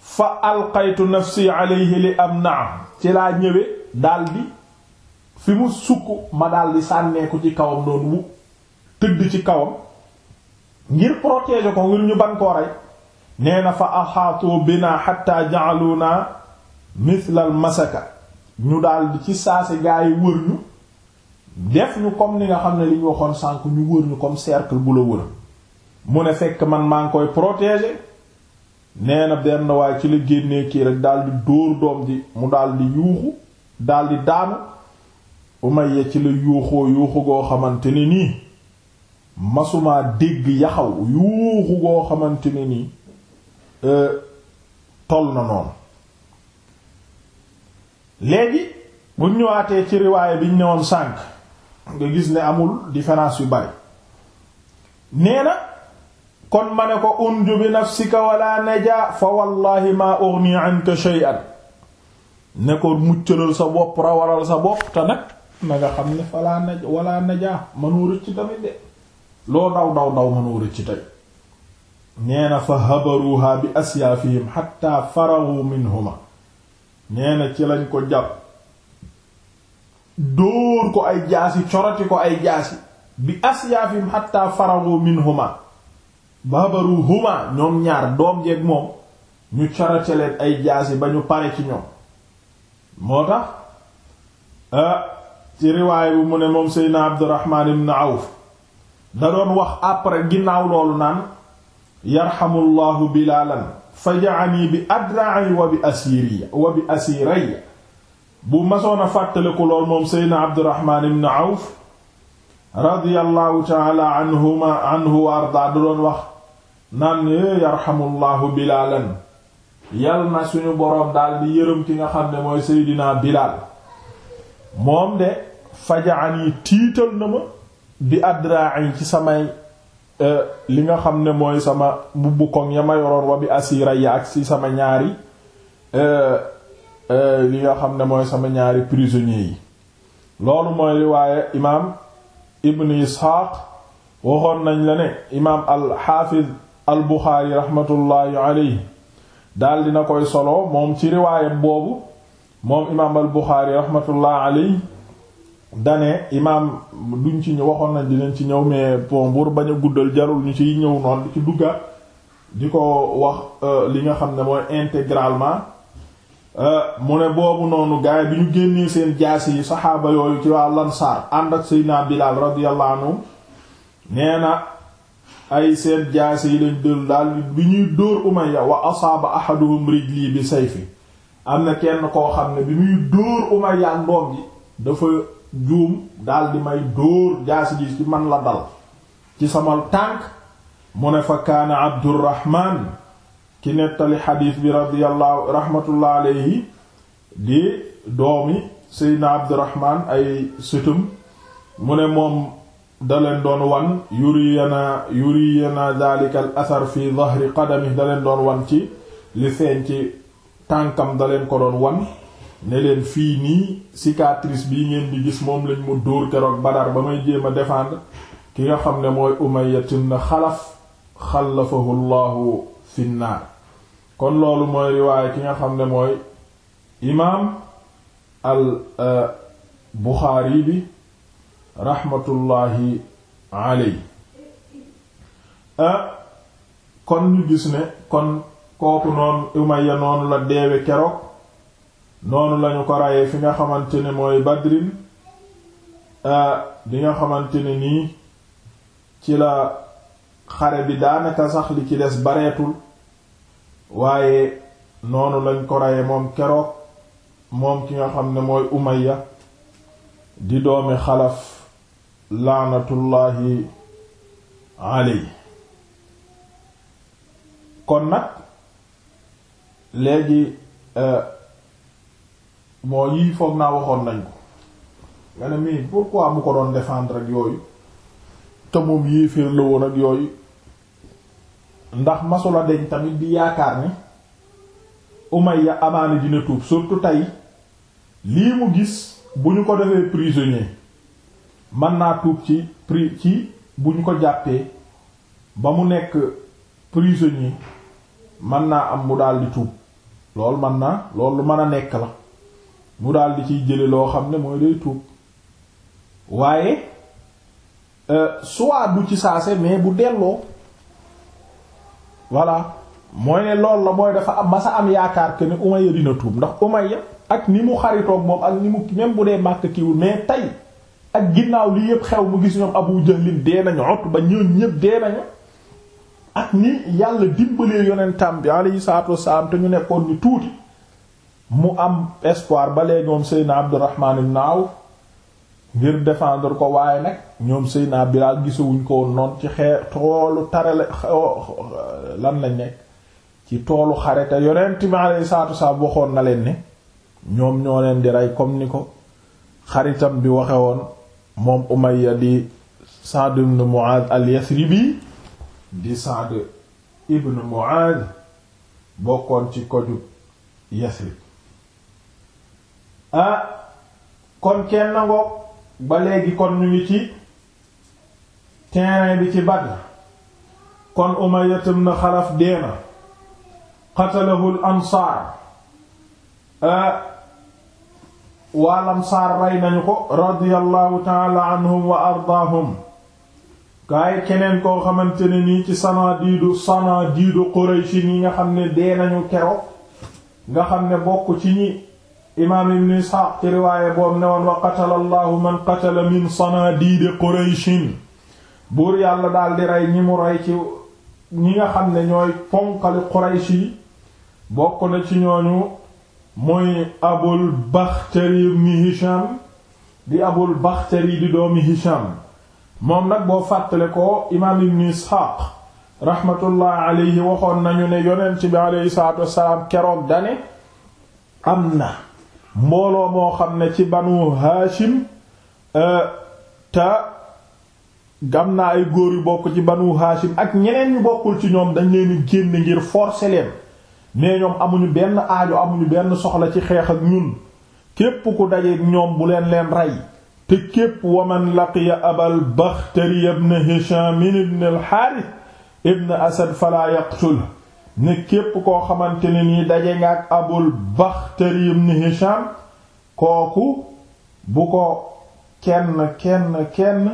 fa alqaytu nafsi alayhi li am naam ci laa ñëwee daldi fi mu sukk ma daldi sànneeku ci kawam doon wu tëdd ci kawam ngir protéger ko ngir ñu ban koo rey nee na fa axaatu bina xatta ja'aluna mithlal masaka ñu daldi ci saasi gaa yi wër ñu def ñu comme ni nga xam ne li waxoon sànk ñu wër ñu comme cercle bu la wër mu ne fekk man maa ngi koy protéger nee benn waaye ci la génnee kii rek daldi dóor doom ji mu daldi yuuxu daldi daanu Umayya ci la yuuxoo yuuxu goo xamante ne nii masumaa dégg yaxaw yuuxu goo xamante ne nii e, toll na noonu léegi bu ñëwaatee ci riwaaya bi ñu newoon sànk nga gis ni amul différence yu bari nee kon ma ne ko unju bi nafsika wala naja fa wallahi ma ughni anka shay'an ne ko muccalal sa bopp rawaral sa bopp te nag na nga xam ne falaa naj wala naja mënoo rëcc de loo daw daw daw mënoo rëcc tey fa habaruha bi asyaafihim hatta farahu minhuma nee ci lañ ko jàpp dóor ko ay jaasi coroti ko ay jaasi bi asyaafim hatta faragu minhuma babaru huma ñoom ñaar doom jeeg moom ñu corote leen ay jaasi ba ñu pare ci ñoom moo tax ah ci riwaay bu mu ne moom seydna abdurrahman ibn awf da doon wax après ginnaaw loolu naan yarxamullahu bilaalan faja'ani bi adra'i wa bi asiriya wa bi asiraya bu masoon a fàttaliku lool moom seydna abdurahmaan ibn awf radiyallahu taala anhuma anhu da doon wax naan yarhamullahu bilaalan yal na suñu boroom daal di yërëm ki nga xam ne mooy seydina bilaal moom de yi tiital na ma bi adra'i ci samay e, li nga xam ne mooy sama bubbu koŋ ya ma yoroon wa bi asiira ya ak ci sama ñaari e, Euh, li nga xam ne mooy sama ñaari prisonniers yi loolu mooy riwaaye imaam ibn isxaaq waxoon nañ la ne imaam alxaafiz al buxaari raxmatullaahi aleyhi daal dina koy solo moom ci riwaayam boobu moom imaam al buxaari raxmatullaahi aleyhi dane imaam duñ ci ñu waxoon nañ dinañ ci ñëw mais bon buur bañ a guddal jarul ñu ciy ñëw noonu di ci duggaat di ko wax euh, li nga xam ne mooy intégralement Euh, mu ne boobu noonu gaay bi ñu génnee seen jaas yi saxaaba yooyu ci waa lansaar ànd ak seydina bilaal radiyallahu nee na ay seen jaas yi lañ dël daal bi ñuy dóor umayya wa asaaba ahaduhum rijli bi sayfi am na kenn koo xam ne bi muy dóor umayya ndoom ji dafa juum daal may dóor jaas ji ci man la dal ci sama tànk mu ne fa kaana abdurrahman ci nettali xadiis bi radiyallahu rahmatullah alayhi di doomi seydna abdurahman ay sutum mu ne moom daleen doon wan yuriyana yuriyana daalika al athar fi dhahri qadami daleen doon wan ci li feeñ ci tànkam daleen ko doon wan ne leen fii nii cicatrice bii ngeen di gis moom lañ mu dóor keroog Badar ba may jéem a ki nga xam ne mooy Umayya ibn Xalaf xalafahu llahu fi kon loolu mooy riwaaya ki nga xam ne mooy imaam al euh, buxaari bi raxmatullaahi aley euh, kon ñu gis ne kon kooku noonu Umayya noonu la deewe keroog noonu lañu ko rayee fi nga xamante ne mooy Badrin di euh, nga xamante ne nii ci la xare bi daanaka sax li ci des bareetul waaye noonu lañ ko reye moom keroog moom ki nga xam ne mooy Umayya di doomi Xalaf laanatullaahi aley kon nag léegi euh, moo yii foog naa waxoon nañ ko nga ne mii pourquoi mu ko doon défendre ak yooyu te moom yéeféer la ak yooyu ndax masula deñ tamit di yaakaar ne Umayya amaana dina tuub surtout tey lii mu gis bu ñu ko defee prisonnier man naa tuub ci pri ci bu ñu ko jàppee ba mu nekk prisonnier mën naa am mu daldi tuub loolu mën naa loolu mën a nekk la mu daldi ciy jële loo xam ne mooy day tuub waaye euh, soit du ci saase mais bu delloo voilà mooy ne loolu la mooy dafa masa am yaakaar que ni Umayya dina tuub ndax Umayya ak ni mu xaritoog moom ak ni mu même bu dee màkk kiiwul mais tey ak ginnaaw li yëpp xew mu gis ñoom Abu Jahlin dee nañu ba ñoom ñëpp dee nañu ak ni yàlla dimbalee yonentam bi alayhi salaatu wassalaam te ñu nekkoon ni tuuti mu am espoir ba léegi moom Seydina Abdurrahman ibn Awf ngir défendre ko waaye nag ñoom Seydina Bilaal gisawuñ ko woon noonu ci xee toolu tarale lan lañ nekk ci toolu xare te yonent mi alayhi salaatu wassalaam waxoon na leen ne ñoom ñoo leen di rey comme ni ko xaritam bi waxewoon moom Umayya di Sa'd ibn Mu'adh al-Yathribi di Sa'd ibn Mu'adh bokkoon ci koju Yathrib ah kon kenn nango ba léegi kon ñu ngi ci terrain bi ci Badr kon Umayya ibn Xalaf dee na qatalahul ansaar ah, waal ansaar rey nañu ko radiyallahu taala anhum wa ardaahum gaay keneen koo xamante ne nii ci sanadiidu sanadiidu Quraysh yi nga xam ne dee nañu keroog nga xam ne bokk ci ñi imaam ibn isxaaq ci riwaaye boobu ne woon wa qatala allahu man qatala min sanadiidi qurayshin buur yàlla daal di rey ñi mu rey ci ñi nga xam ne ñooy ponkali quraysh yi bokk na ci ñooñu mooy abul baxtari ibn hisham di abul baxtari di doomi hisham moom nag boo fàttale ko imaam ibn isxaaq raxmatullah alayhi waxoon nañu ne yonent bi alayhi salaatu wassalaam keroog dane am na mbooloo moo xam ne ci banu haashim euh, te gam naa ay góor yu bokk ci banu haashim ak ñeneen ñu bokkul ci ñoom dañ leen di génn ngir forcer leen mais ñoom amuñu benn aajo amuñu benn soxla ci xeex ak ñun képp ku dajeek ñoom bu leen leen rey te képp waman laqiya abal bakhtari ibn hisham ibn al harith ibn asad fala yaqtul nit képp koo xamante ne nii daje nga ak abul baxtari ibn hisham kooku bu ko kenn kenn kenn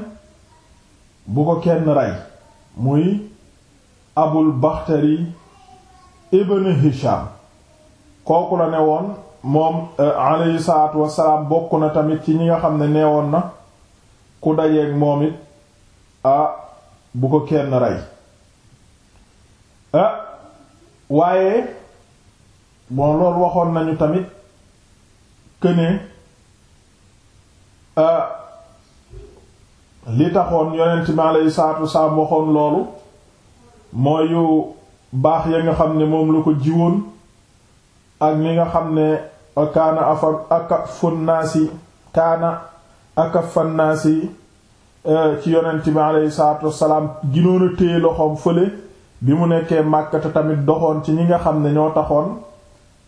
bu ko kenn rey muy abul baxtari ibn hisham kooku la ne woon moom euh, alayhi salaatu wassalaam bokk na tamit ci ñi nga xam ne neewoon na ku dajeeg moom it ah bu ko kenn rey euh, waaye bon loolu waxoon nañu tamit que ne euh, li taxoon yonent mi alayhi salaatu wasalaam waxoon loolu mooy yu baax ya nga xam ne moom la ko jiwoon ak li nga xam ne kaana afa akafunnaasi kaana akafannaasi euh, ci yonent mi alayhi salaatu wasalaam ginoon a téye loxoom fële bi mu nekkee Makka tamit doxoon ci ñi nga xam ne ñoo taxoon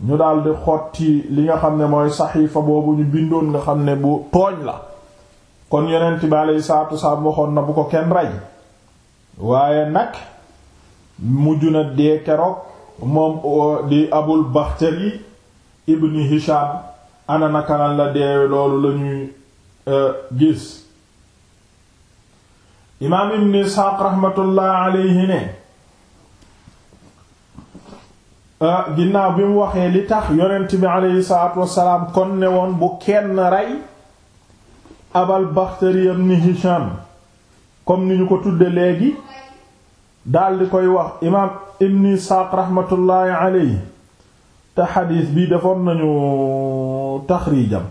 ñu daldi xotti li nga xam ne mooy saxiifa boobu ñu bindoon nga xam ne bu tooñ la kon yonent bi alayhi salaatu wasalaam waxoon na bu ko kenn rey waaye nag mujj na dee keroog moom di Abul Bakhtari ibn Hisham ana nakanan la deewe loolu lañuy e, gis imaam ibn Isxaaq raxmatullaahi ne Ah, ginnaaw bi mu waxee li tax yonent bi aleyhi salaatu wassalaam kon ne woon bu kenn rey abal baxtari ibn hisham comme ni ñu ko tudde léegi daldi koy wax imaam ibn isxaaq raxmatullaahi aleyhi te xadiis bi defoon nañu taxriijam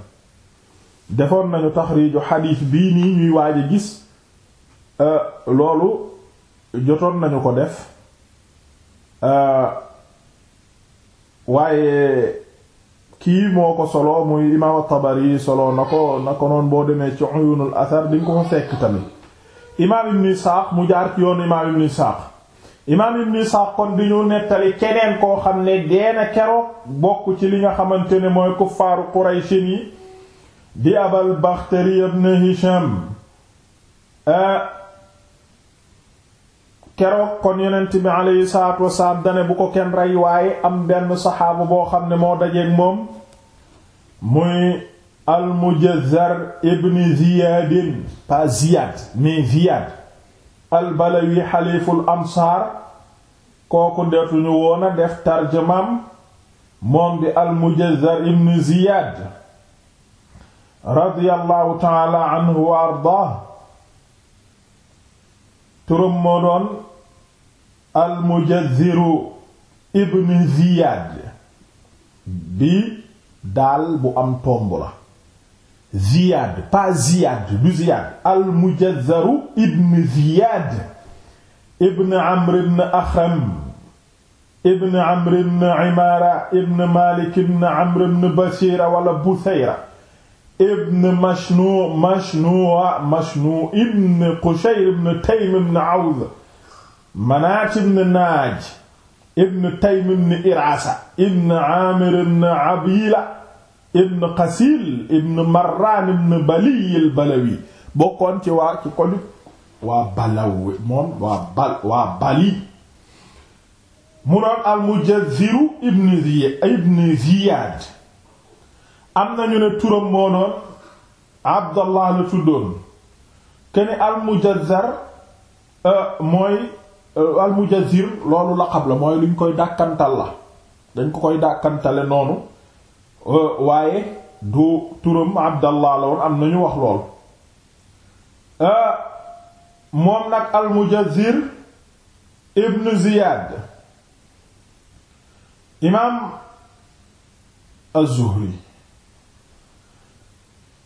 defoon nañu taxriiju xadiis bii nii ñuy waaj a gis ah, loolu jotoon nañu ko def ah, waaye kii moo ko solo muy imaam at-Tabari solo na ko na ko noon boo demee ci Uyunul Athar di nga ko fekk tamit imaam Ibn Isaaq mu jaar ci yoonu imaam Ibn Isaaq imaam Ibn Isaaq kon di ñu nettali keneen koo xam ne deena keroog bokk ci li nga xamante ne mooy kuffaaru Qurayshin yi di Abal Bakhtari ibn Hisham euh, keroog kon yonent bi aleyhi salaatu wasalaam dane bu ko kenn rey am benn saxaaba boo xam ne moo dajeeg moom muy almujazzar ibn ziyaadin pas ziyaad mais ziyaad albalawi xaliful amsaar kooku ndeetuñu woon a def tarjamaam moom bi almujazzar ibn ziyaad radiyallahu taala anhu wa ardaah turam moo doon almujaziru ibn ziyad bi daal bu am tomb la ziyad pas ziyad du ziyad almujazaru ibn ziyad ibn amr ibn axram ibn amr ibn imaara ibn malik ibn amr ibn basira wala busayra ibn mashnu mashnua mashnu ibn qushayr ibn taym ibn awd manaat ibn naaj ibn taym ibn irasa ibn amir ibn abila ibn qasil ibn marran ibn baliy al balawi bokkoon ci waa ci kodu waa balaw moom waa bal waa bali mu doon al mujazziru ibn ziyaad am nañu ne turam moo doon abdallah la tuddoon kene almujazzar euh, mooy euh, almujazzir loolu laqab la mooy luñ koy dàkkantal la dañ ko koy dàkkantale noonu euh, waaye du turam abdallah la woon am nañu wax lool moom nag almujazzir ibn ziyad imaam az-zuhri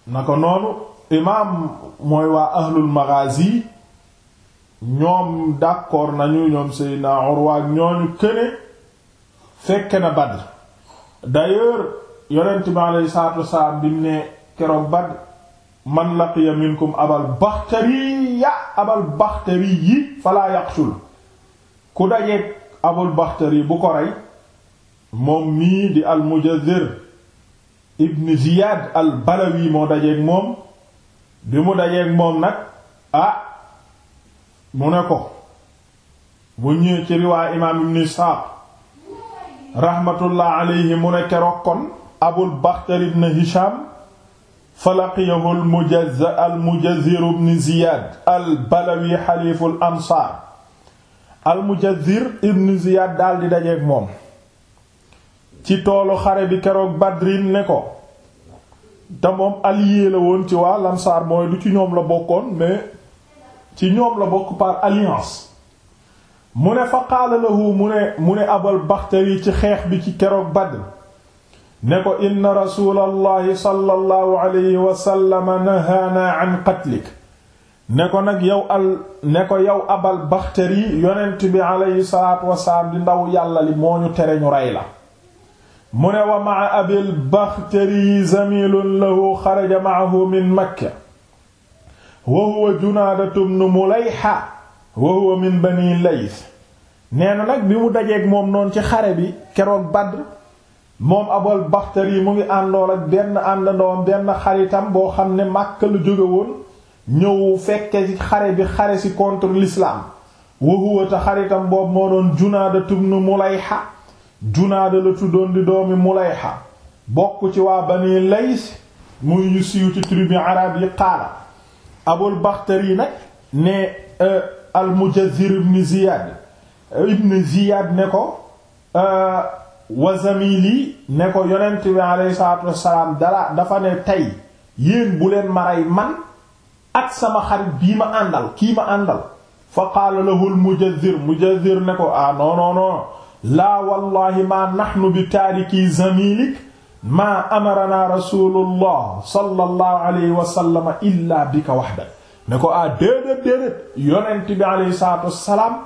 na ko noonu imaam mooy waa ahlul maghazi ñoom d'accord nañu ñoom Seydina Urwa ak ñooñu këne fekke na Badr d'ailleurs yonent bi alayhi salaatu wasalaam bi ne keroog Badr man laqiya minkum abal baxtari ya abal baxtari yi falaa yaqtul ku dajeek abul baxtari bu ko rey moom mii di al Mujazzir ibn Ziyad al-Balawi moo dajeeg moom bi mu dajeeg moom nag ah mu ne ko bu ñëwee ci riwaa imaam ibn Isxaaq rahmatullah alayhi mu ne keroog kon Abul Baxtar ibn Hisham falaqiyahu al-Mujazir ibn Ziyad al-Balawi xaliifu ansaar al-Mujazir ibn Ziyad daal di dajeeg moom ci toolu xare bi keroog badrin ne ko te moom allié la woon ci waa lamsaar mooy du ci ñoom la bokkoon mais ci ñoom la bokk par alliance mu ne fa qaala mu ne abal baxtari ci xeex bi ci keroog badr ne ko inna rasulallahi sallallahu alayhi wa sallam nahaana an qatlik ne ko nag yow al ne ko yow abal baxtari yonent bi alayhi salaatu wasalaam di ndaw yàlla li moo ñu tere ñu rey la mu ne wa maa abil bakhtari zamilun lahu xaraja maahu min makka wa huwa junaadatu bnu mulayha wa huwa min bani lays nee na nag bi mu dajeeg moom noonu ci xare bi keroog Badr moom abal bakhtari mu ngi àndool ak benn àndandoom benn xaritam boo xam ne Makka lu jóge woon ñëw fekke ci xare bi xare si contre l'islam wa te xaritam boobu moo doon junaadatu bnu mulayha junaada la tuddoon di doomi mulayxa bokk ci waa bani lays muy ñu siiw ci tribu arab yi qaala abul baxtari nag ne euh, al mujazir ibn ziyad ibn ziyad ne ko euh, wa zamili ne ko yonent bi alayhi salaatu wassalaam dala dafa ne tey yéen bu leen maray man at sama xarit bii ma àndal kii ma àndal fa qaala lahu al mujazir mujazir ne ko ah non non non laa wallahi maa nahnu bi taariki zamilik maa amarana rasulullah sallallahu alayhi wa sallam illaa bika wahda ne ko ah déedéet déedéet yonent bi alayhi salaatu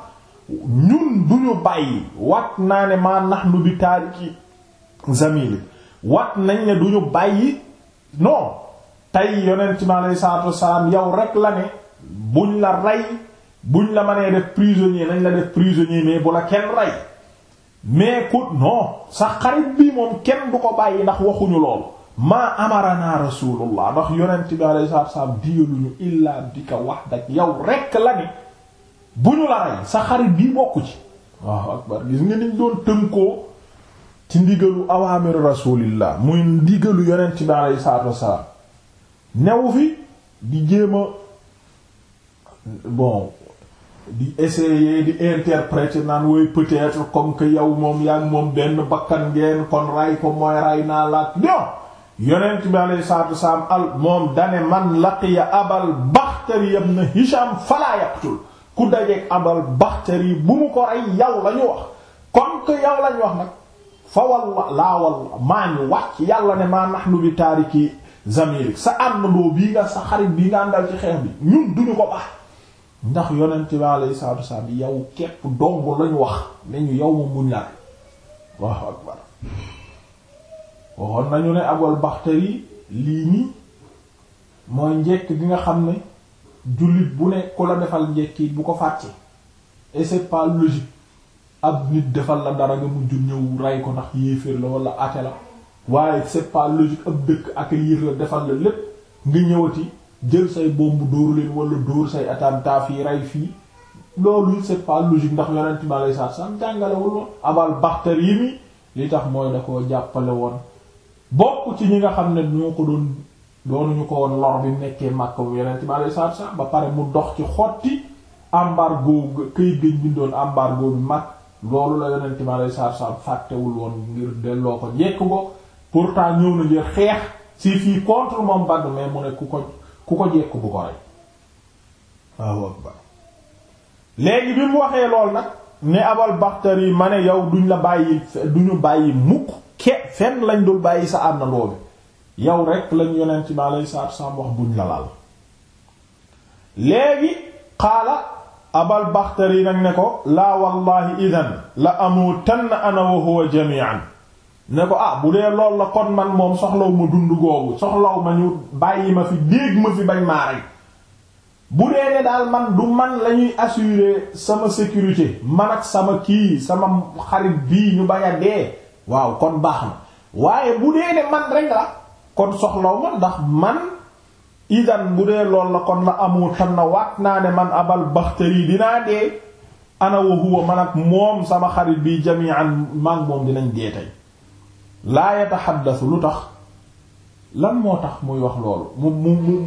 ñun du ñu bàyyi wat naa ne maa nahnu bi taariki zamilik wat nañ ne du ñu bàyyi non tey yonent bi alayhi salaatu wassalaam yow rek la ne buñ la rey buñ la mënee def prisonnier nañ la def prisonnier mais bu la kenn rey mais ku non sa xarit bi moom kenn du ko bàyyi ndax waxuñu loolu maa amarana rasulullah ndax yonent bi alayhi salaatu wasallam digaluñu illaa bika wahdak yow rekk la ni bu ñu la rey sa xarit bii bokku ci waaw akbar gis nga niñ doon tënkoo ci ndigalu awaamir rasulillah muy ndigalu yonent bi alayhi salaatu wasallam newu fi di jéem a bon di essayer di interpréter naan woy peut-être comme que yow moom yaa moom benn bakkan ngeen kon ray ko mooy ray naa laat non yonent bi alayhi salaatu wasalaam al moom dane man laqiya abal baxtari ibn hisham fala yaqtul ku dajeeg abal baxtari bu mu ko rey yow la ñu wax comme que yow la wax nag fa walla laa walla maa ñu wàcc yàlla ne maa nahnu bi taariki zamirik sa àndandoo bii nga sa xarit bii nga àndal ci xeex bi ñun duñu ko baax ndax yonent bi alayhi salaatu wasallam yow képp dong lañ wax ne ñu yow mu muñ la Allahu akbar waxoon nañu ne Abul Baxtari lii nii mooy njekk bi nga xam ne jullit bu ne ku la defal njekk bu ko fàcce et c'est pas logique ab nit defal la dara nga mujj ñëw rey ko ndax yéeféer la wala ate la waaye c'est pas logique ab dëkk ak yéef la defal la lépp nga ñëwati jël say bomb dóor leen wala dóor say attentat fii rey fii loolu c'est pas logique ndax yonent bi alei satu salaam jàngalewul woon abal Baxtari mi li tax mooy da ko jàppale woon bokk ci ñi nga xam ne ñoo ko doon doonuñu ko woon bi nekkee màkk bu yonent bi alei satu ba pare mu dox ci xotti embargo këy gën ñu doon embargo bi mag loolu la yonent bi alei satu salaam fàttewul woon ngir delloo ko njekk ko pourtant ñëw na ngir xeex si fii contre moom Badr mais mu ne ku ko ku ko jekk bu ko rey waaw akbar léegi bi mu waxee lool nag ni abal baxtari ma ne yow duñ la bàyyi duñu bàyyi mukk ke fenn lañ dul bàyyi sa àndandoo bi yow rek lañ yonent bi aleyhi salaatu salaam wax buñ la laal léegi xaala abal baxtari nag ne ko laa wallahi idan la amutanna ana wa huwa jami'an ne ko ah bu dee lool la kon man moom soxlaw ma dund googu soxlaw ma ñu bàyyi ma fi déeg ma fi bañ maa rek bu dee ne daal man du man la ñuy sama sécurité man ak sama kii sama xarit bii ñu bañ a dee waaw kon baax na waaye bu dee ne man rek la kon soxlaw ma ndax man idan bu dee lool la kon la amu tan na waat naa ne man abal baxtari dinaa dee ana wa huwa man ak moom sama xarit bii jami'an maak moom dinañ dee tey laa yataxaddasu lu tax lan moo tax muy wax loolu mu mu mu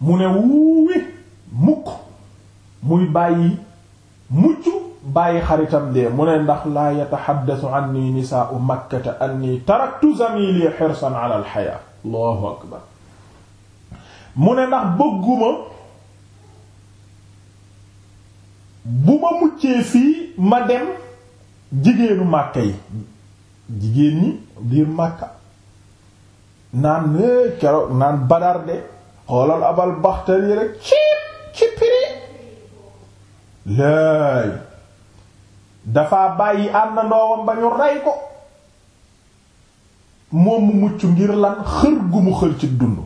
mu ne wuuwi mukk muy bàyyi mucc bàyyi xaritam dee mu ne ndax laa yataxaddasu anni nisaa makkata anni taraktu zamili xirsan ala alxayaa allahu akbar mu ne ndax bëgguma bu ma muccee fii ma dem jigéenu màkka yi jigéen ni biir Makka naan ne eh, keroog naan Badar de xoolal abal Baxtari rek ci ci prix laay dafa bàyyi ànd ndoowam ba ñu rey ko moom mu mucc ngir lan xër gu mu xër ci dund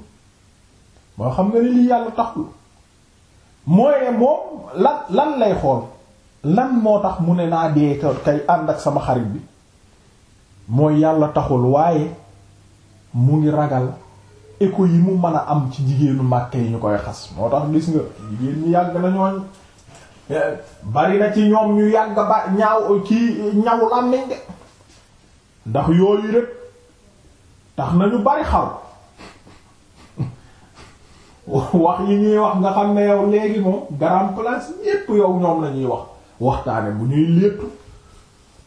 moo xam nga ni lii yàlla taxul mooy moom lan lan lay xool lan moo tax mu ne naa dee kay ànd ak sama xarit bi mooy yàlla taxul waaye mu ngi ragal écho yi mu mën a am ci jigéenu Màkka yi ñu koy xas moo tax gis nga jigéen ñi yàgg na eh, bari na ci ñoom ñu yàgg ba ñaaw ci ñaw làmmiñ de ndax yooyu rek tax na bari xaw wax yi ñuy wax nga xam ne yow léegi moom garam place yépp yow ñoom la ñuy wax waxtaane bu ñuy léttu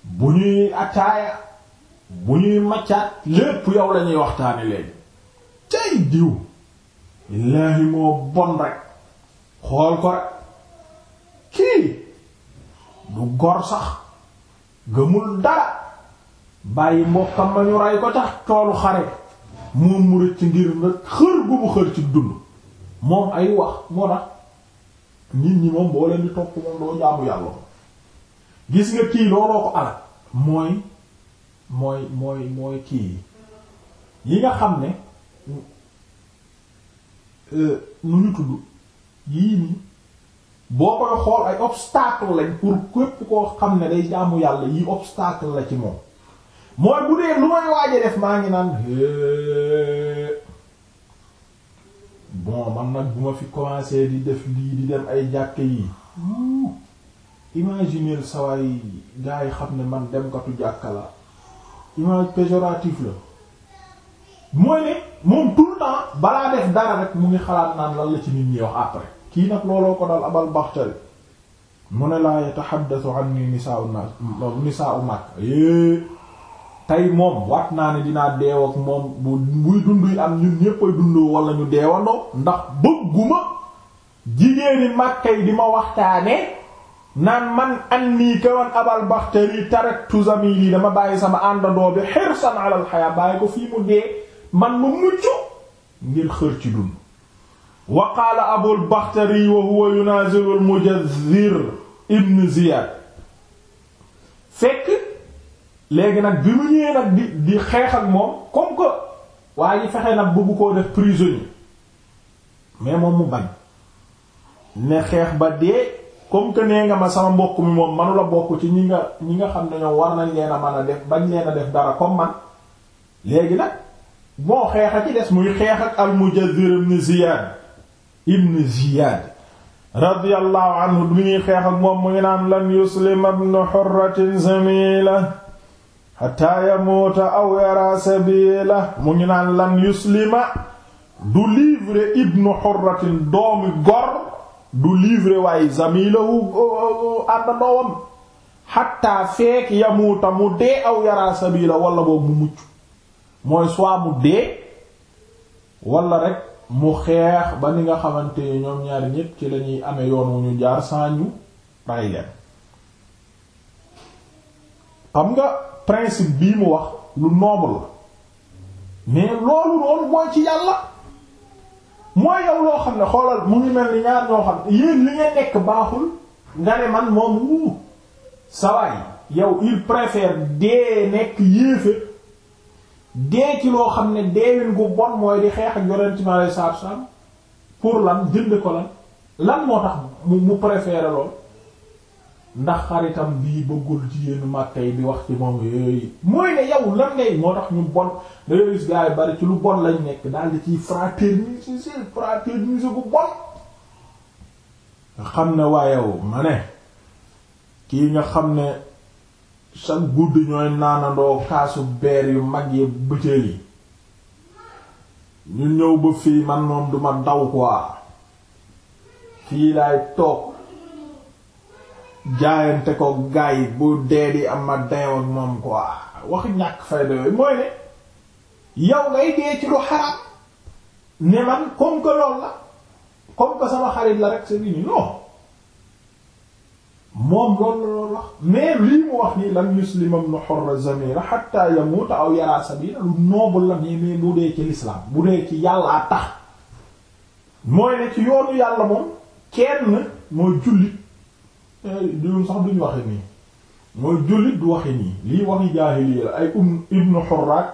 bu ñuy attaaya bu ñuy maccaat lépp yow lañuy waxtaane leen tey diw illaahi moo bon rek xool ko rek kii du gor sax gëmul dara bàyyi mbokkam ma ñu rey ko tax toolu xare moom mu rëcc ngir nag xër gu mu xër ci dund moom ay wax moo tax nit ñi moom boo leen di topp moom doo jaamu yàlla gis nga kii looloo ko alal mooy mooy mooy mooy kii yi nga xam ne euh, nu ñu tudd yii nii boo koy xool ay obstacle lañ pour képp koo xam ne day jaamu yàlla yi obstacle la ci moom mooy bu dee lu may waaje def maa ngi naan bon man nag bu ma fi commencé di def lii di dem ay jàkke yi hmm, imaginer sawaay gaa yi xam ne man dem katu jàkka la image péjoratif la mooy ne moom tout le temps balaa def dara rek mu ngi xalaat naan lan la ci nit ñi wax après kii nag looloo ko dal abal baxtari mu ne laa yataxaddasu an ni nisaau na nisaau màkk tey moom wat naa ne dinaa deew ak moom bu dund yi am ñun ñépp dundoo wala ñu deewandoo ndax bëgguma jigéeni màkka yi di ma waxtaane naan man anni kawan abal baxtari taraktu zamili dama bàyyi sama àndandoo bi xirsan alal xayaa bàyyi ko fii mu dee man mu mucc ngir xër ci dund wa qaala abul baxtari wa huwa yunazilu al mujazzir ibn fekk léegi nag bi mu ñëwee nag di di xeex ak moom comme que waa ji fexe nag bëgg koo def prisonnier mais moom mu bañ ne xeex ba dee comme que nee nga ma sama mbokk mi moom manula bokk ci ñi nga ñi nga xam ne ñoom war nañ leen a mën a def bañ leen a def dara comme man léegi nag moo xeex a muy xeex ak al-Mujaddir ibn Ziyad ibn Ziyad radiyallahu anhu bi ñuy xeex ak moom mu ngi naan lan yuslima ibn hurratin zamila hatta yamuuta aw yara sabila mu ngi naan lan yuslima du livrer ibn hurratin doomi gor du livrer waaye zamilahu àndandoowam xatta feek yamuuta mu dee aw yaraa sabila wala boobu mu mucc mooy soit mu dee wala rek mu xeex ba ni nga xamante ñoom ñaari ñépp ci lañuy amee yoon wu ñu jaar sans ñu leen xam nga principe bii mu wax lu noble la mais loolu loolu mooy ci yàlla mooy yow loo xam ne xoolal mu ngi mel ni ñaar ñoo xam yéen li ngeen nekk baaxul nga ne man moom wuu sawaay yow il préfère dee nekk yéeféer dee ci loo xam ne deewin gu bon mooy di xeex ak yonent mi alayhi salaatu salaam pour lan jënd ko lan lan moo tax mu préférer lool ndax xaritam bii bëggul jigéenu Makka yi di wax ci moom yooyu mooy ne yow lan ngay moo tax ñu bon ci lu bon lañ nekk daal di ciy fraterniser fraterniser bu nga xam ne waaye ma ne kii nga xam ne chaque guddi ñooy naanandoo kaasu beer yu mag yi butéel yi ñu ñëw ba fii man moom duma daw quoi fii laay toog jaayante ko gaay bu dee di am ma deew ak moom quoi wax ñàkk fayda yooyu mooy ne yow ngay dee ci lu xaraam ne man comme que lool la comme que sama xarit la rek sa bi ni non moom la loolu mu dee ci l'islam bu dee ci yàllaa tax mooy ne ci yoonu yàlla moom kenn mooy jullit duñu sax duñu waxe nii mooy jullit du waxe nii lii waxi jaahiliya la ay um ibnu xurraat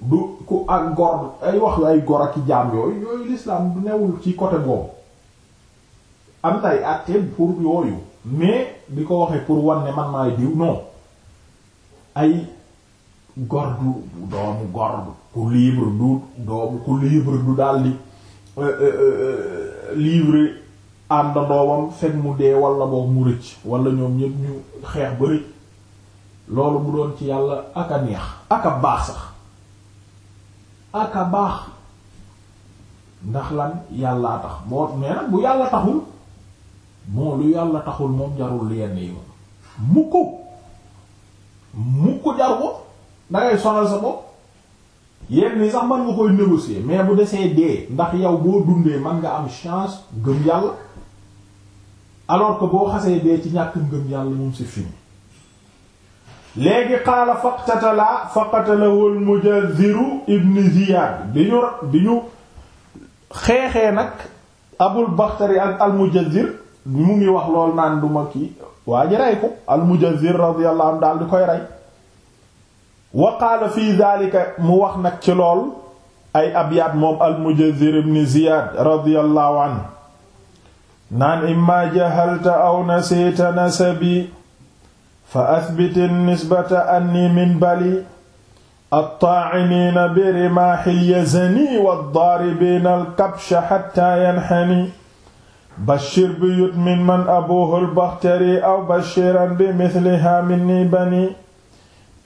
du ku ak gor ay wax ay gor ak i jaam yooyu yooyu l'islam du newul ci côté boobu am na ay àtteeb pour yooyu mais bi ko waxee pour wan ne man maay diw non ay gor du doomu gor ku libre du doomu ku libre du daldi euh, euh, euh, livre àndandoowam fekk mu dee wala boog mu rëcc wala ñoom ñépp ñu xeex ba rëcc loolu bu doon ci yàlla ak a neex ak a baax sax ak a baax ndax lan yàllaa tax moo mais bu yàlla taxul moo lu yàlla taxul moom jarul yenn yi moom mu ko mu ko jar ko dangay sonal sa bopp yenn ni sax man nga koy négocier mais bu desee dee ndax yow boo dundee man nga am chance gëm yàlla alors que boo xasee dee ci ñàkk ngëm yàlla moom si fini léegi xaala faqtatala faqatalahu al-Mujazziru ibn Ziyad bi ñu bi ñu xeexee nag Abul Bakhtari ak al-Mujazzir mu ngi wax lool naan du ma kii waa ji rey ko al-Mujazzir radiyallahu daal di koy rey wa qaala fi daalika mu wax nag ci lool ay abyaat moom al-Mujazzir ibn Ziyad radiyallahu anhu naan imma jahalta aw nasiita nasabi fa athbiti nisbata anni min bali attaa'iniina bi rimaaxil yazani waddaaribiina alkabsha xattaa yanxani bashir bi yutmin man abuhul bakhtari aw bashiran bi mithliha minni bani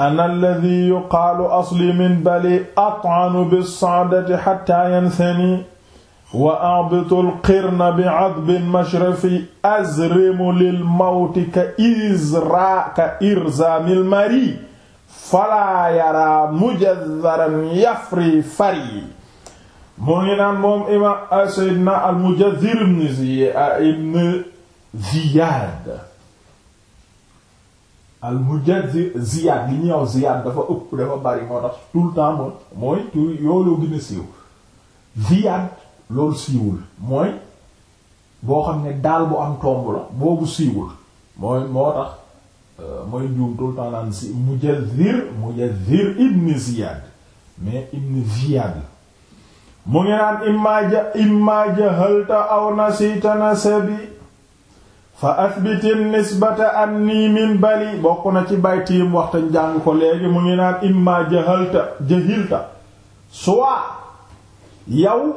ana alladhi yuqaalu asli min bali at'anu bis-sa'dati xattaa yanthani wa abitul qirna bi adbin mashrafi azrimu lil mawti ka izra ka irzamil mari falaa yara mujazzaran yafri fari mu ngi naan moom imaam seydna al mujazzir ibn ziyaad al mujazzir ziyaad li ñuy wax ziyaad dafa ëpp dafa bari moo tax tout le temps mooy mooy tu yooloo gën a siiw ziyaad loolu siiwul mooy boo xam ne daal bu am tomb la boobu siiwul mooy moo tax euh, mooy njuum tout le temps naan si Mujazzir Mujazzir ibn Ziyad mais ibn Ziyad mu ngi naan imma ja imma jahalta aw nasita nasabi fa athbiti nisbata anni min bali bokk na ci baytiim waxta njàng ko léegi mu ngi naan imma jahalta jahilta soit yow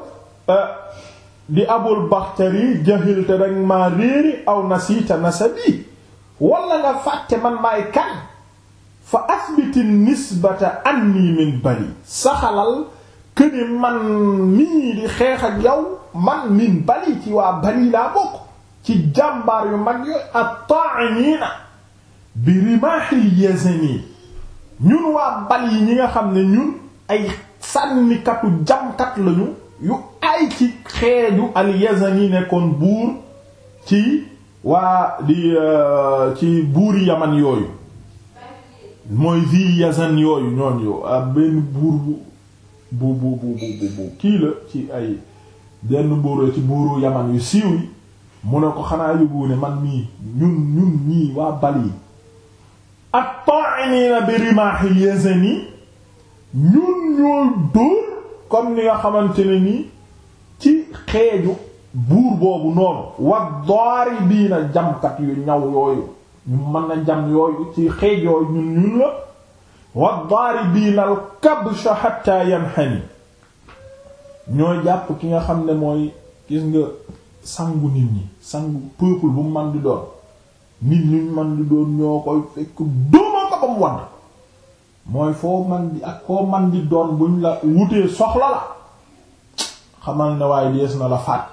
di abul baxtari jahil te danga maa réeri aw nasiita nasabi wala nga fàtte man maay kan fa asbiti nisbata anni min bari saxalal këni man nii di xeex ak yow man min bari ci waa bari laa bokk ci jàmbar yu mag yooyu at-ta'inina bi rimaahi yazani ñun waa bal yi ñi nga xam ne ñun ay sànnikatu jamkat lañu yu ay ci xeeju al-Yazani nekkoon buur ci waa di euh, ci buuri yaman yooyu mooy vi Yazan yooyu ñooñu ah, benn buur bu bu bu bu bu kii la ci ay benn buur la ci buuru yaman yu siiw yi mu ne ko xanaa yóbbu ne man mii ñun ñun ñii waa bal yi ak ta'inina bi rimahil Yazani ñun ñoo dóor comme ni nga xamante nii xeeju buur boobu noonu wa daaribiina jamkat yu ñaw yooyu ñu mën na jam yooyu ci xeej yooyu ñun ñun la wa daaribiina al kabsha hatta yanhani ñooy jàpp ki nga xam ne mooy gis nga sangu nit ñi sangu peuple bu man di doon nit ñu man di doon ñoo koy fekk duma ko ba mu wadd mooy foo man di ak koo man di doon buñ la wutee soxla la xamal ne waaye dees na la faat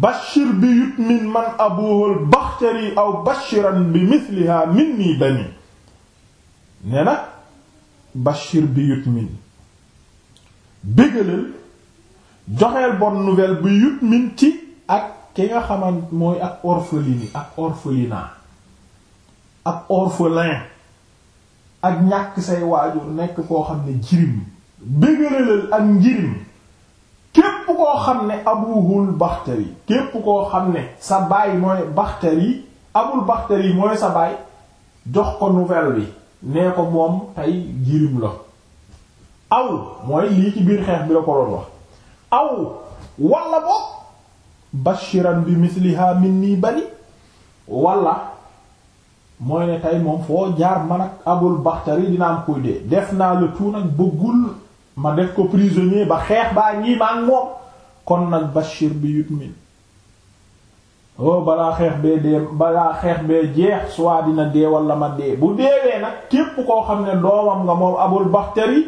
bashir bi yut min man abuhul bakhtari aw bashiran bi misliha minni bani ne nag bashir bi yut min bégalal joxeel bonne nouvelle bi yut min ci ak ki nga xaman mooy ak orpheline ak orphelinat ak orphelin ak ñàkk say waajur nekk koo xam ne jirim bégalalal ak njirim képp koo xam ne abuhul baxtari képp koo xam ne sa baay mooy baxtari abul baxtari mooy sa baay jox ko nouvelle bi nee ko moom tey jirim la aw mooy lii ci biir xeex bi la ko doon wax aw walla boog bashiran bi misliha minni bani walla mooy ne tey moom foo jaar man ak abul baxtari dina am kuy dee def naa la tuun bëggul ma def ko prisonnier ba xeex baa ngi ma ak kon nag bachir bi yut min oh balaa xeex bee dee balaa xeex bee jeex soit dina dee wala ma dee bu deewee nag képp koo xam ne doomam nga moom abul baxtari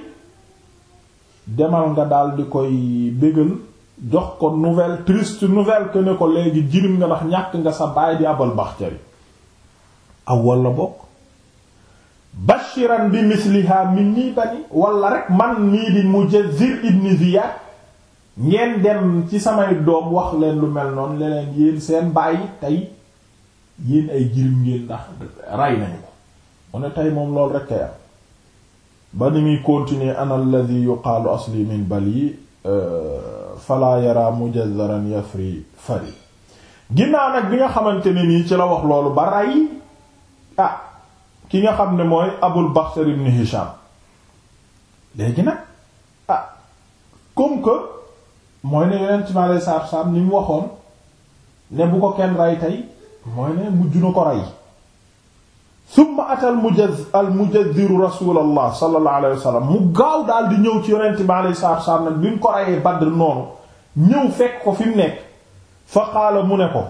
demal nga dal di koy bégal dox ko nouvelle triste nouvelle que ne ko léegi jirim nga ndax ñàkk nga sa baay di abul baxtari aw wala bokk bashiran bi misliha minni bani wala rek man nii di Mujazzir ibn Ziyad ngeen dem ci samay doom wax leen lu mel noonu leneen yéen seen bàyyi tey yéen ay jirim ngeen ndax rey nañu ko mu ne tey moom loolu rek kay am ba ni muy continuer ana alladhi yuqaalu asli min bali euh, fala yara mujazzaran yafri fari ginnaaw nag bi nga xamante ni nii ci la wax loolu ba rey ah ki nga xam ne mooy abul baxtar ibn hisham léegi nag ah comme que mooy ne yeneen ci maaley saab saab ni mu waxoon ne bu ko kenn rey tey mooy ne mujj na ko rey summa ata al mujaz al mujazziru rasulallah sallallahu wa sallam mu gaaw daal di ñëw ci yonent bi alayhi salaatu salaam nag bi mu ko reyee Badr noonu ñëw fekk ko fi mu nekk fa qaala mu ne ko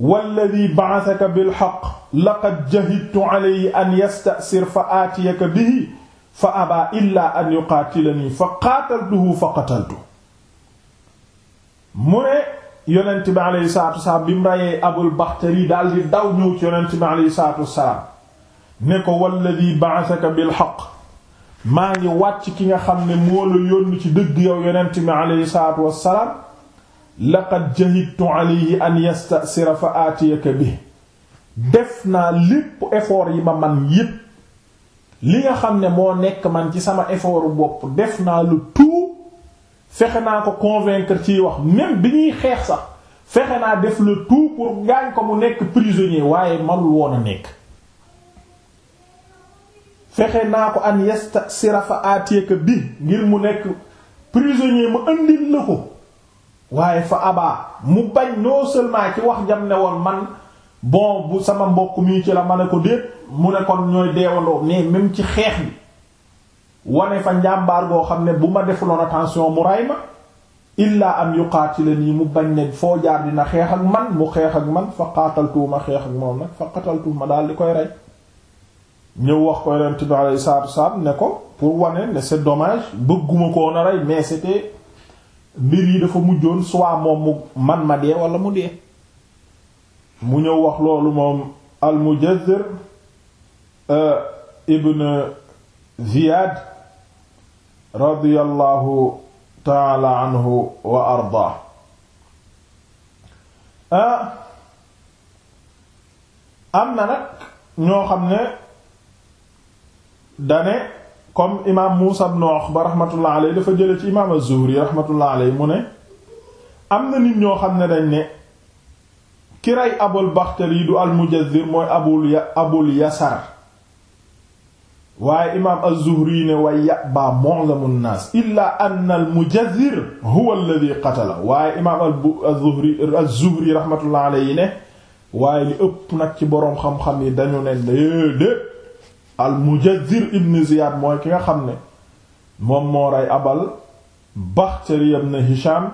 walladi ba'athaka bil haqq laqad jahidtu alayhi an yasta'sir fa aatiyaka bihi fa abaa illaa an yuqaatilanii fa qaataltuhu fa qataltuhu mu ne yonent bi aleyhi salaatu wasalaam bi mu reyee abul baxtari daldi daw ñëw ci yonent bi aleyhi salaatu wasalaam ne ko walladi ba'athaka bil haqq maa ngi wàcc ki nga xam ne moo la yónni ci dëgg yow yonent bi aleyhi salaatu wasalaam laqad jahidtu alayhi an yastasira fa aatiyaka bi def naa lépp effort yi ma man yépp li nga xam ne moo nekk man ci sama efooru bopp def naa lu tout fexe naa ko convaincre ciy wax même bi ñuy xeex sax fexe naa def le tout pour gaañ ko mu nekk prisonnier waaye manul woon a nekk fexe naa ko an yastasira fa aatiyaka bi ngir mu nekk prisonnier ma indi la ko waaye fa abaa mu bañ noo seulement ci wax jam ne woon man bon bu sama mbokk mii ci la ma ne ko déet mu ne kon ñooy deewandoo mais même ci xeex bi wane fa njàmbaar boo xam ne bu ma defuloon attention mu ray ma illaa am yuqaatilani mu bañ ne foo jaar dina xeex ak man mu xeex ak man fa qaataltu ma xeex ak moom nag fa qataltu ma daal di koy rey ñëw wax ko yonent bi alayhi salaatu ne ko pour wane ne c'est dommage bëgguma ko woon a rey mais c'était mbir yi dafa mujjoon soit moom mu man ma dee wala mu dee mu ñëw wax loolu moom al-Mujazzir euh, ibn Ziyad radiyallahu taala anhu wa ardaa ah, am na nag ñoo xam ne dane comme imaam Muusa ibn Uqba rahmatullah alayhi dafa jële ci imaam az-Zuhri rahmatullah mu ne am na nit ñoo xam ne dañ ne ki rey Abul Baxtari du al-Mujazzir mooy abul ya waaye imaam az ne wa ya'ba mu'lamu nnaas illaa anna al ne waaye li ëpp nag ci boroom xam-xam yi dañu ne déedéet al mujazzir ibn ziyad mooy ki nga xam ne moom moo rey abal baxtari ibn hisham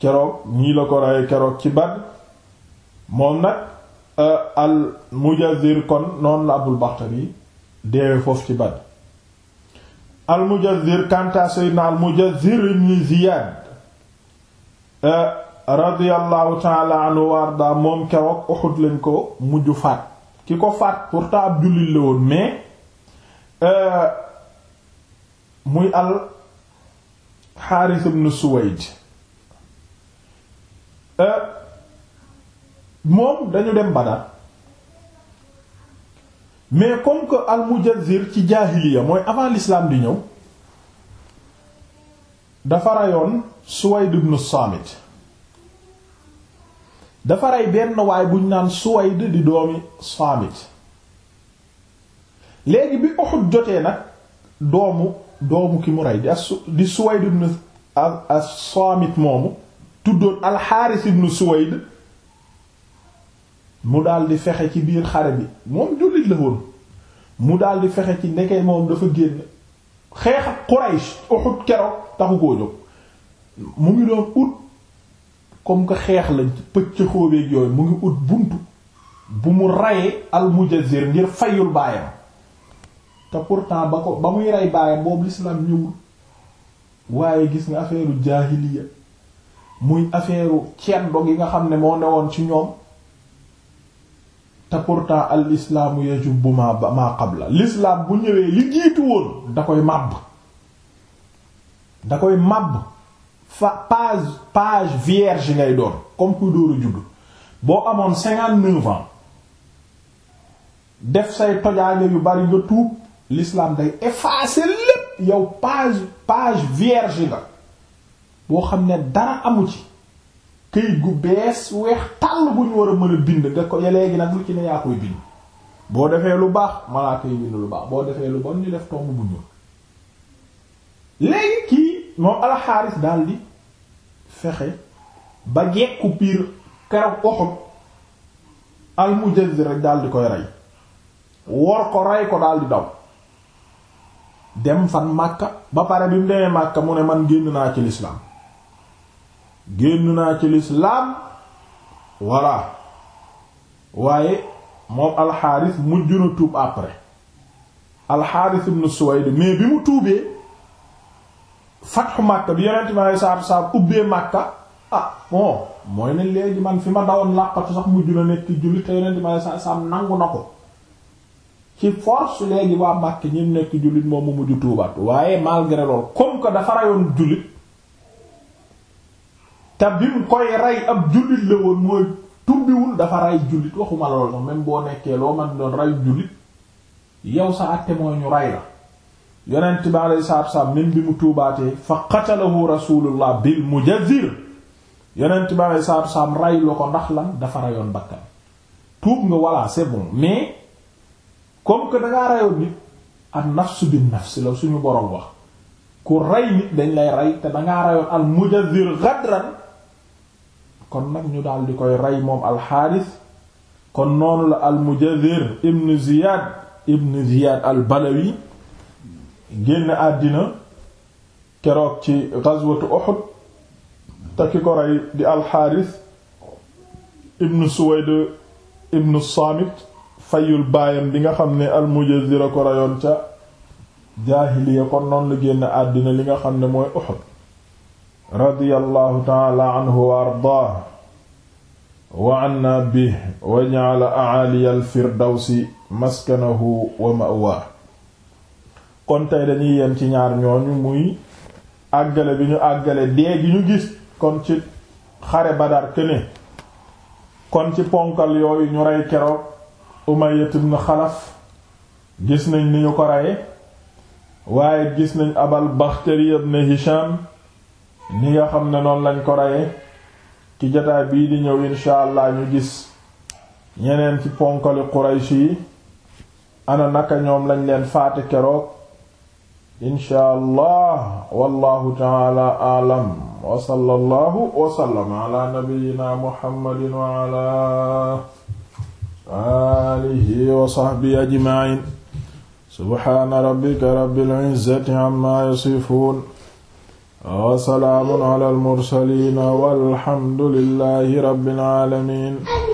keroog ñii la ko rey keroog ci Badr moom nag euh, al mujazzir kon noonu la abul baxtari deewe foofu ci Badr al mujazzir kanta sayyidna al mujazzir ibn ziyad euh, radiyallahu ta'ala anhu moom keroog Uhud lañ ko mujj faat ki ko faat pourtant ab jullit la woon mais euh, muy al Harith ibn Suwayd euh, moom dañu dem Badar mais comme que al Mujazzir ci jaahiliya mooy avant l'islam di ñëw dafa rayoon Suwayd ibn Samit dafa rey benn waay buñ naan Suwayd di doomi Saamit léegi bi Uhud jotee nag doomu doomu ki mu rey di as di Suwayd ibn as-Saamit moomu tuddoon al-Haaris ibn Suwayd mu daal di fexe ci biir xare bi moom jullit la woon mu daal di fexe ci ndeke moom dafa génn xeex ak Quraysh Uhud keroog taxu koo jóg mu ngi doon ut comme que xeex lañ ci pëcc xóobeeg yooyu mu ngi ut buntu bu mu rayee almujazir ngir fayul baayam te pourtant ba ko ba muy rey baayam boobu l'islam ñëwul waaye gis nga affaire jaahiliya muy affaire ceddo yi nga xam ne moo newoon ci ñoom te pourtant al islaamu yajubbu ma ma qabla l'islam bu ñëwee li jiitu woon da koy màbb da koy màbb fa page page vierge ngay doon comme kuy dóoru a boo amoon cinquante-neuf ans def say tojaange yu bari nga tuub l'islam day effacer lépp yow page page vierge nga boo xam ne dara amu ci këyit gu bees weex tàll bu ñu war a mën a bind nga ko léegi nag lu ci ne yaa koy bind boo defee lu baax malaaka yi bind lu baax boo defee lu bon ñu def tomb bu ñuul léegi kii moom alxaaris daal fexe ba gekku piir karab oxut almujazzi rek daal koy rey wor ko rey ko daal daw dem fan màkka ba pare bi mu demee màkka mu ne man génn naa ci lislaam génn naa ci lislaam voilà waaye moom alxaaris mujj na tuub après alxaaris ibn Suwayd mais bi mu tuubee fatxu Makka bi yonent bi alayhi salaatu salaam ubbee Makka ah bon mooy ne léegi man fi ma dawoon làqatu sax mujj na nekk jullit te yonent bi alayhi salaatu salaam nangu na ko ci force léegi waa Makka ñi nekk jullit moom mu mujj tuubat waaye malgré loolu comme que dafa rayoon jullit te bi mu koy rey ab jullit la woon mooy tubbiwul dafa rey jullit waxuma loolu sax même boo nekkee loo man doon rey jullit yow sa àtte mooy ñu rey la yonent bi alayhi salaatu wasalaam même bi mu tuubaatee fa qatalahu rasulullah bil mujazir yonent bi alayhi salaatu wasalaam ray la ko ndax lan dafa rayoon bakkan tuub nga voilà c'est bon mais comme que dangaa rayoon nit an nafsu bin nafs la suñu boroom wax ku rey nit dañ lay ray te dangaa rayoon al mujazir ghadran kon nag ñu daal di koy ray moom alxaaris kon noonu la al mujazir ibn ziyad ibn ziyad al balawi génn àddina keroog ci ghazwatu Uhud te ki ko rey di alxaaris ibnu Suwayd ibnu Saamit fayul baayam bi nga xam ne al-Mujazzira ko reyoon ca jaahiliya kon noonu la génn àddina li nga xam ne mooy Uhud radiyallahu ta'ala anhu wa ardaah wa anna bihi wa ja'ala a'ali al maskanahu wa ma'waahu kon tey dañuy yem ci ñaar ñooñu muy àggale bi ñu àggale dee gi ñu gis kon ci xare Badar këne kon ci ponkal yooyu ñu rey keroog Umayya ibn Xalaf gis nañ ni ñu ko reye waaye gis nañ Abal Baxtari ibn Hisham ni nga xam ne noonu lañ ko reye ci jotaay bii di ñëw insha allah ñu gis ñeneen ci ponkali Quraysh yi ana naka ñoom lañ leen faate keroog insha allah wallahu taala alam wa sallallahu wa sallama ala nabiyyina muhammadin wa ala alihi wa sahbihi ajma'in subhana rabbika rabbil izzati amma yasifun wa salaamun ala al mursalin walhamdulillahi rabbil alamin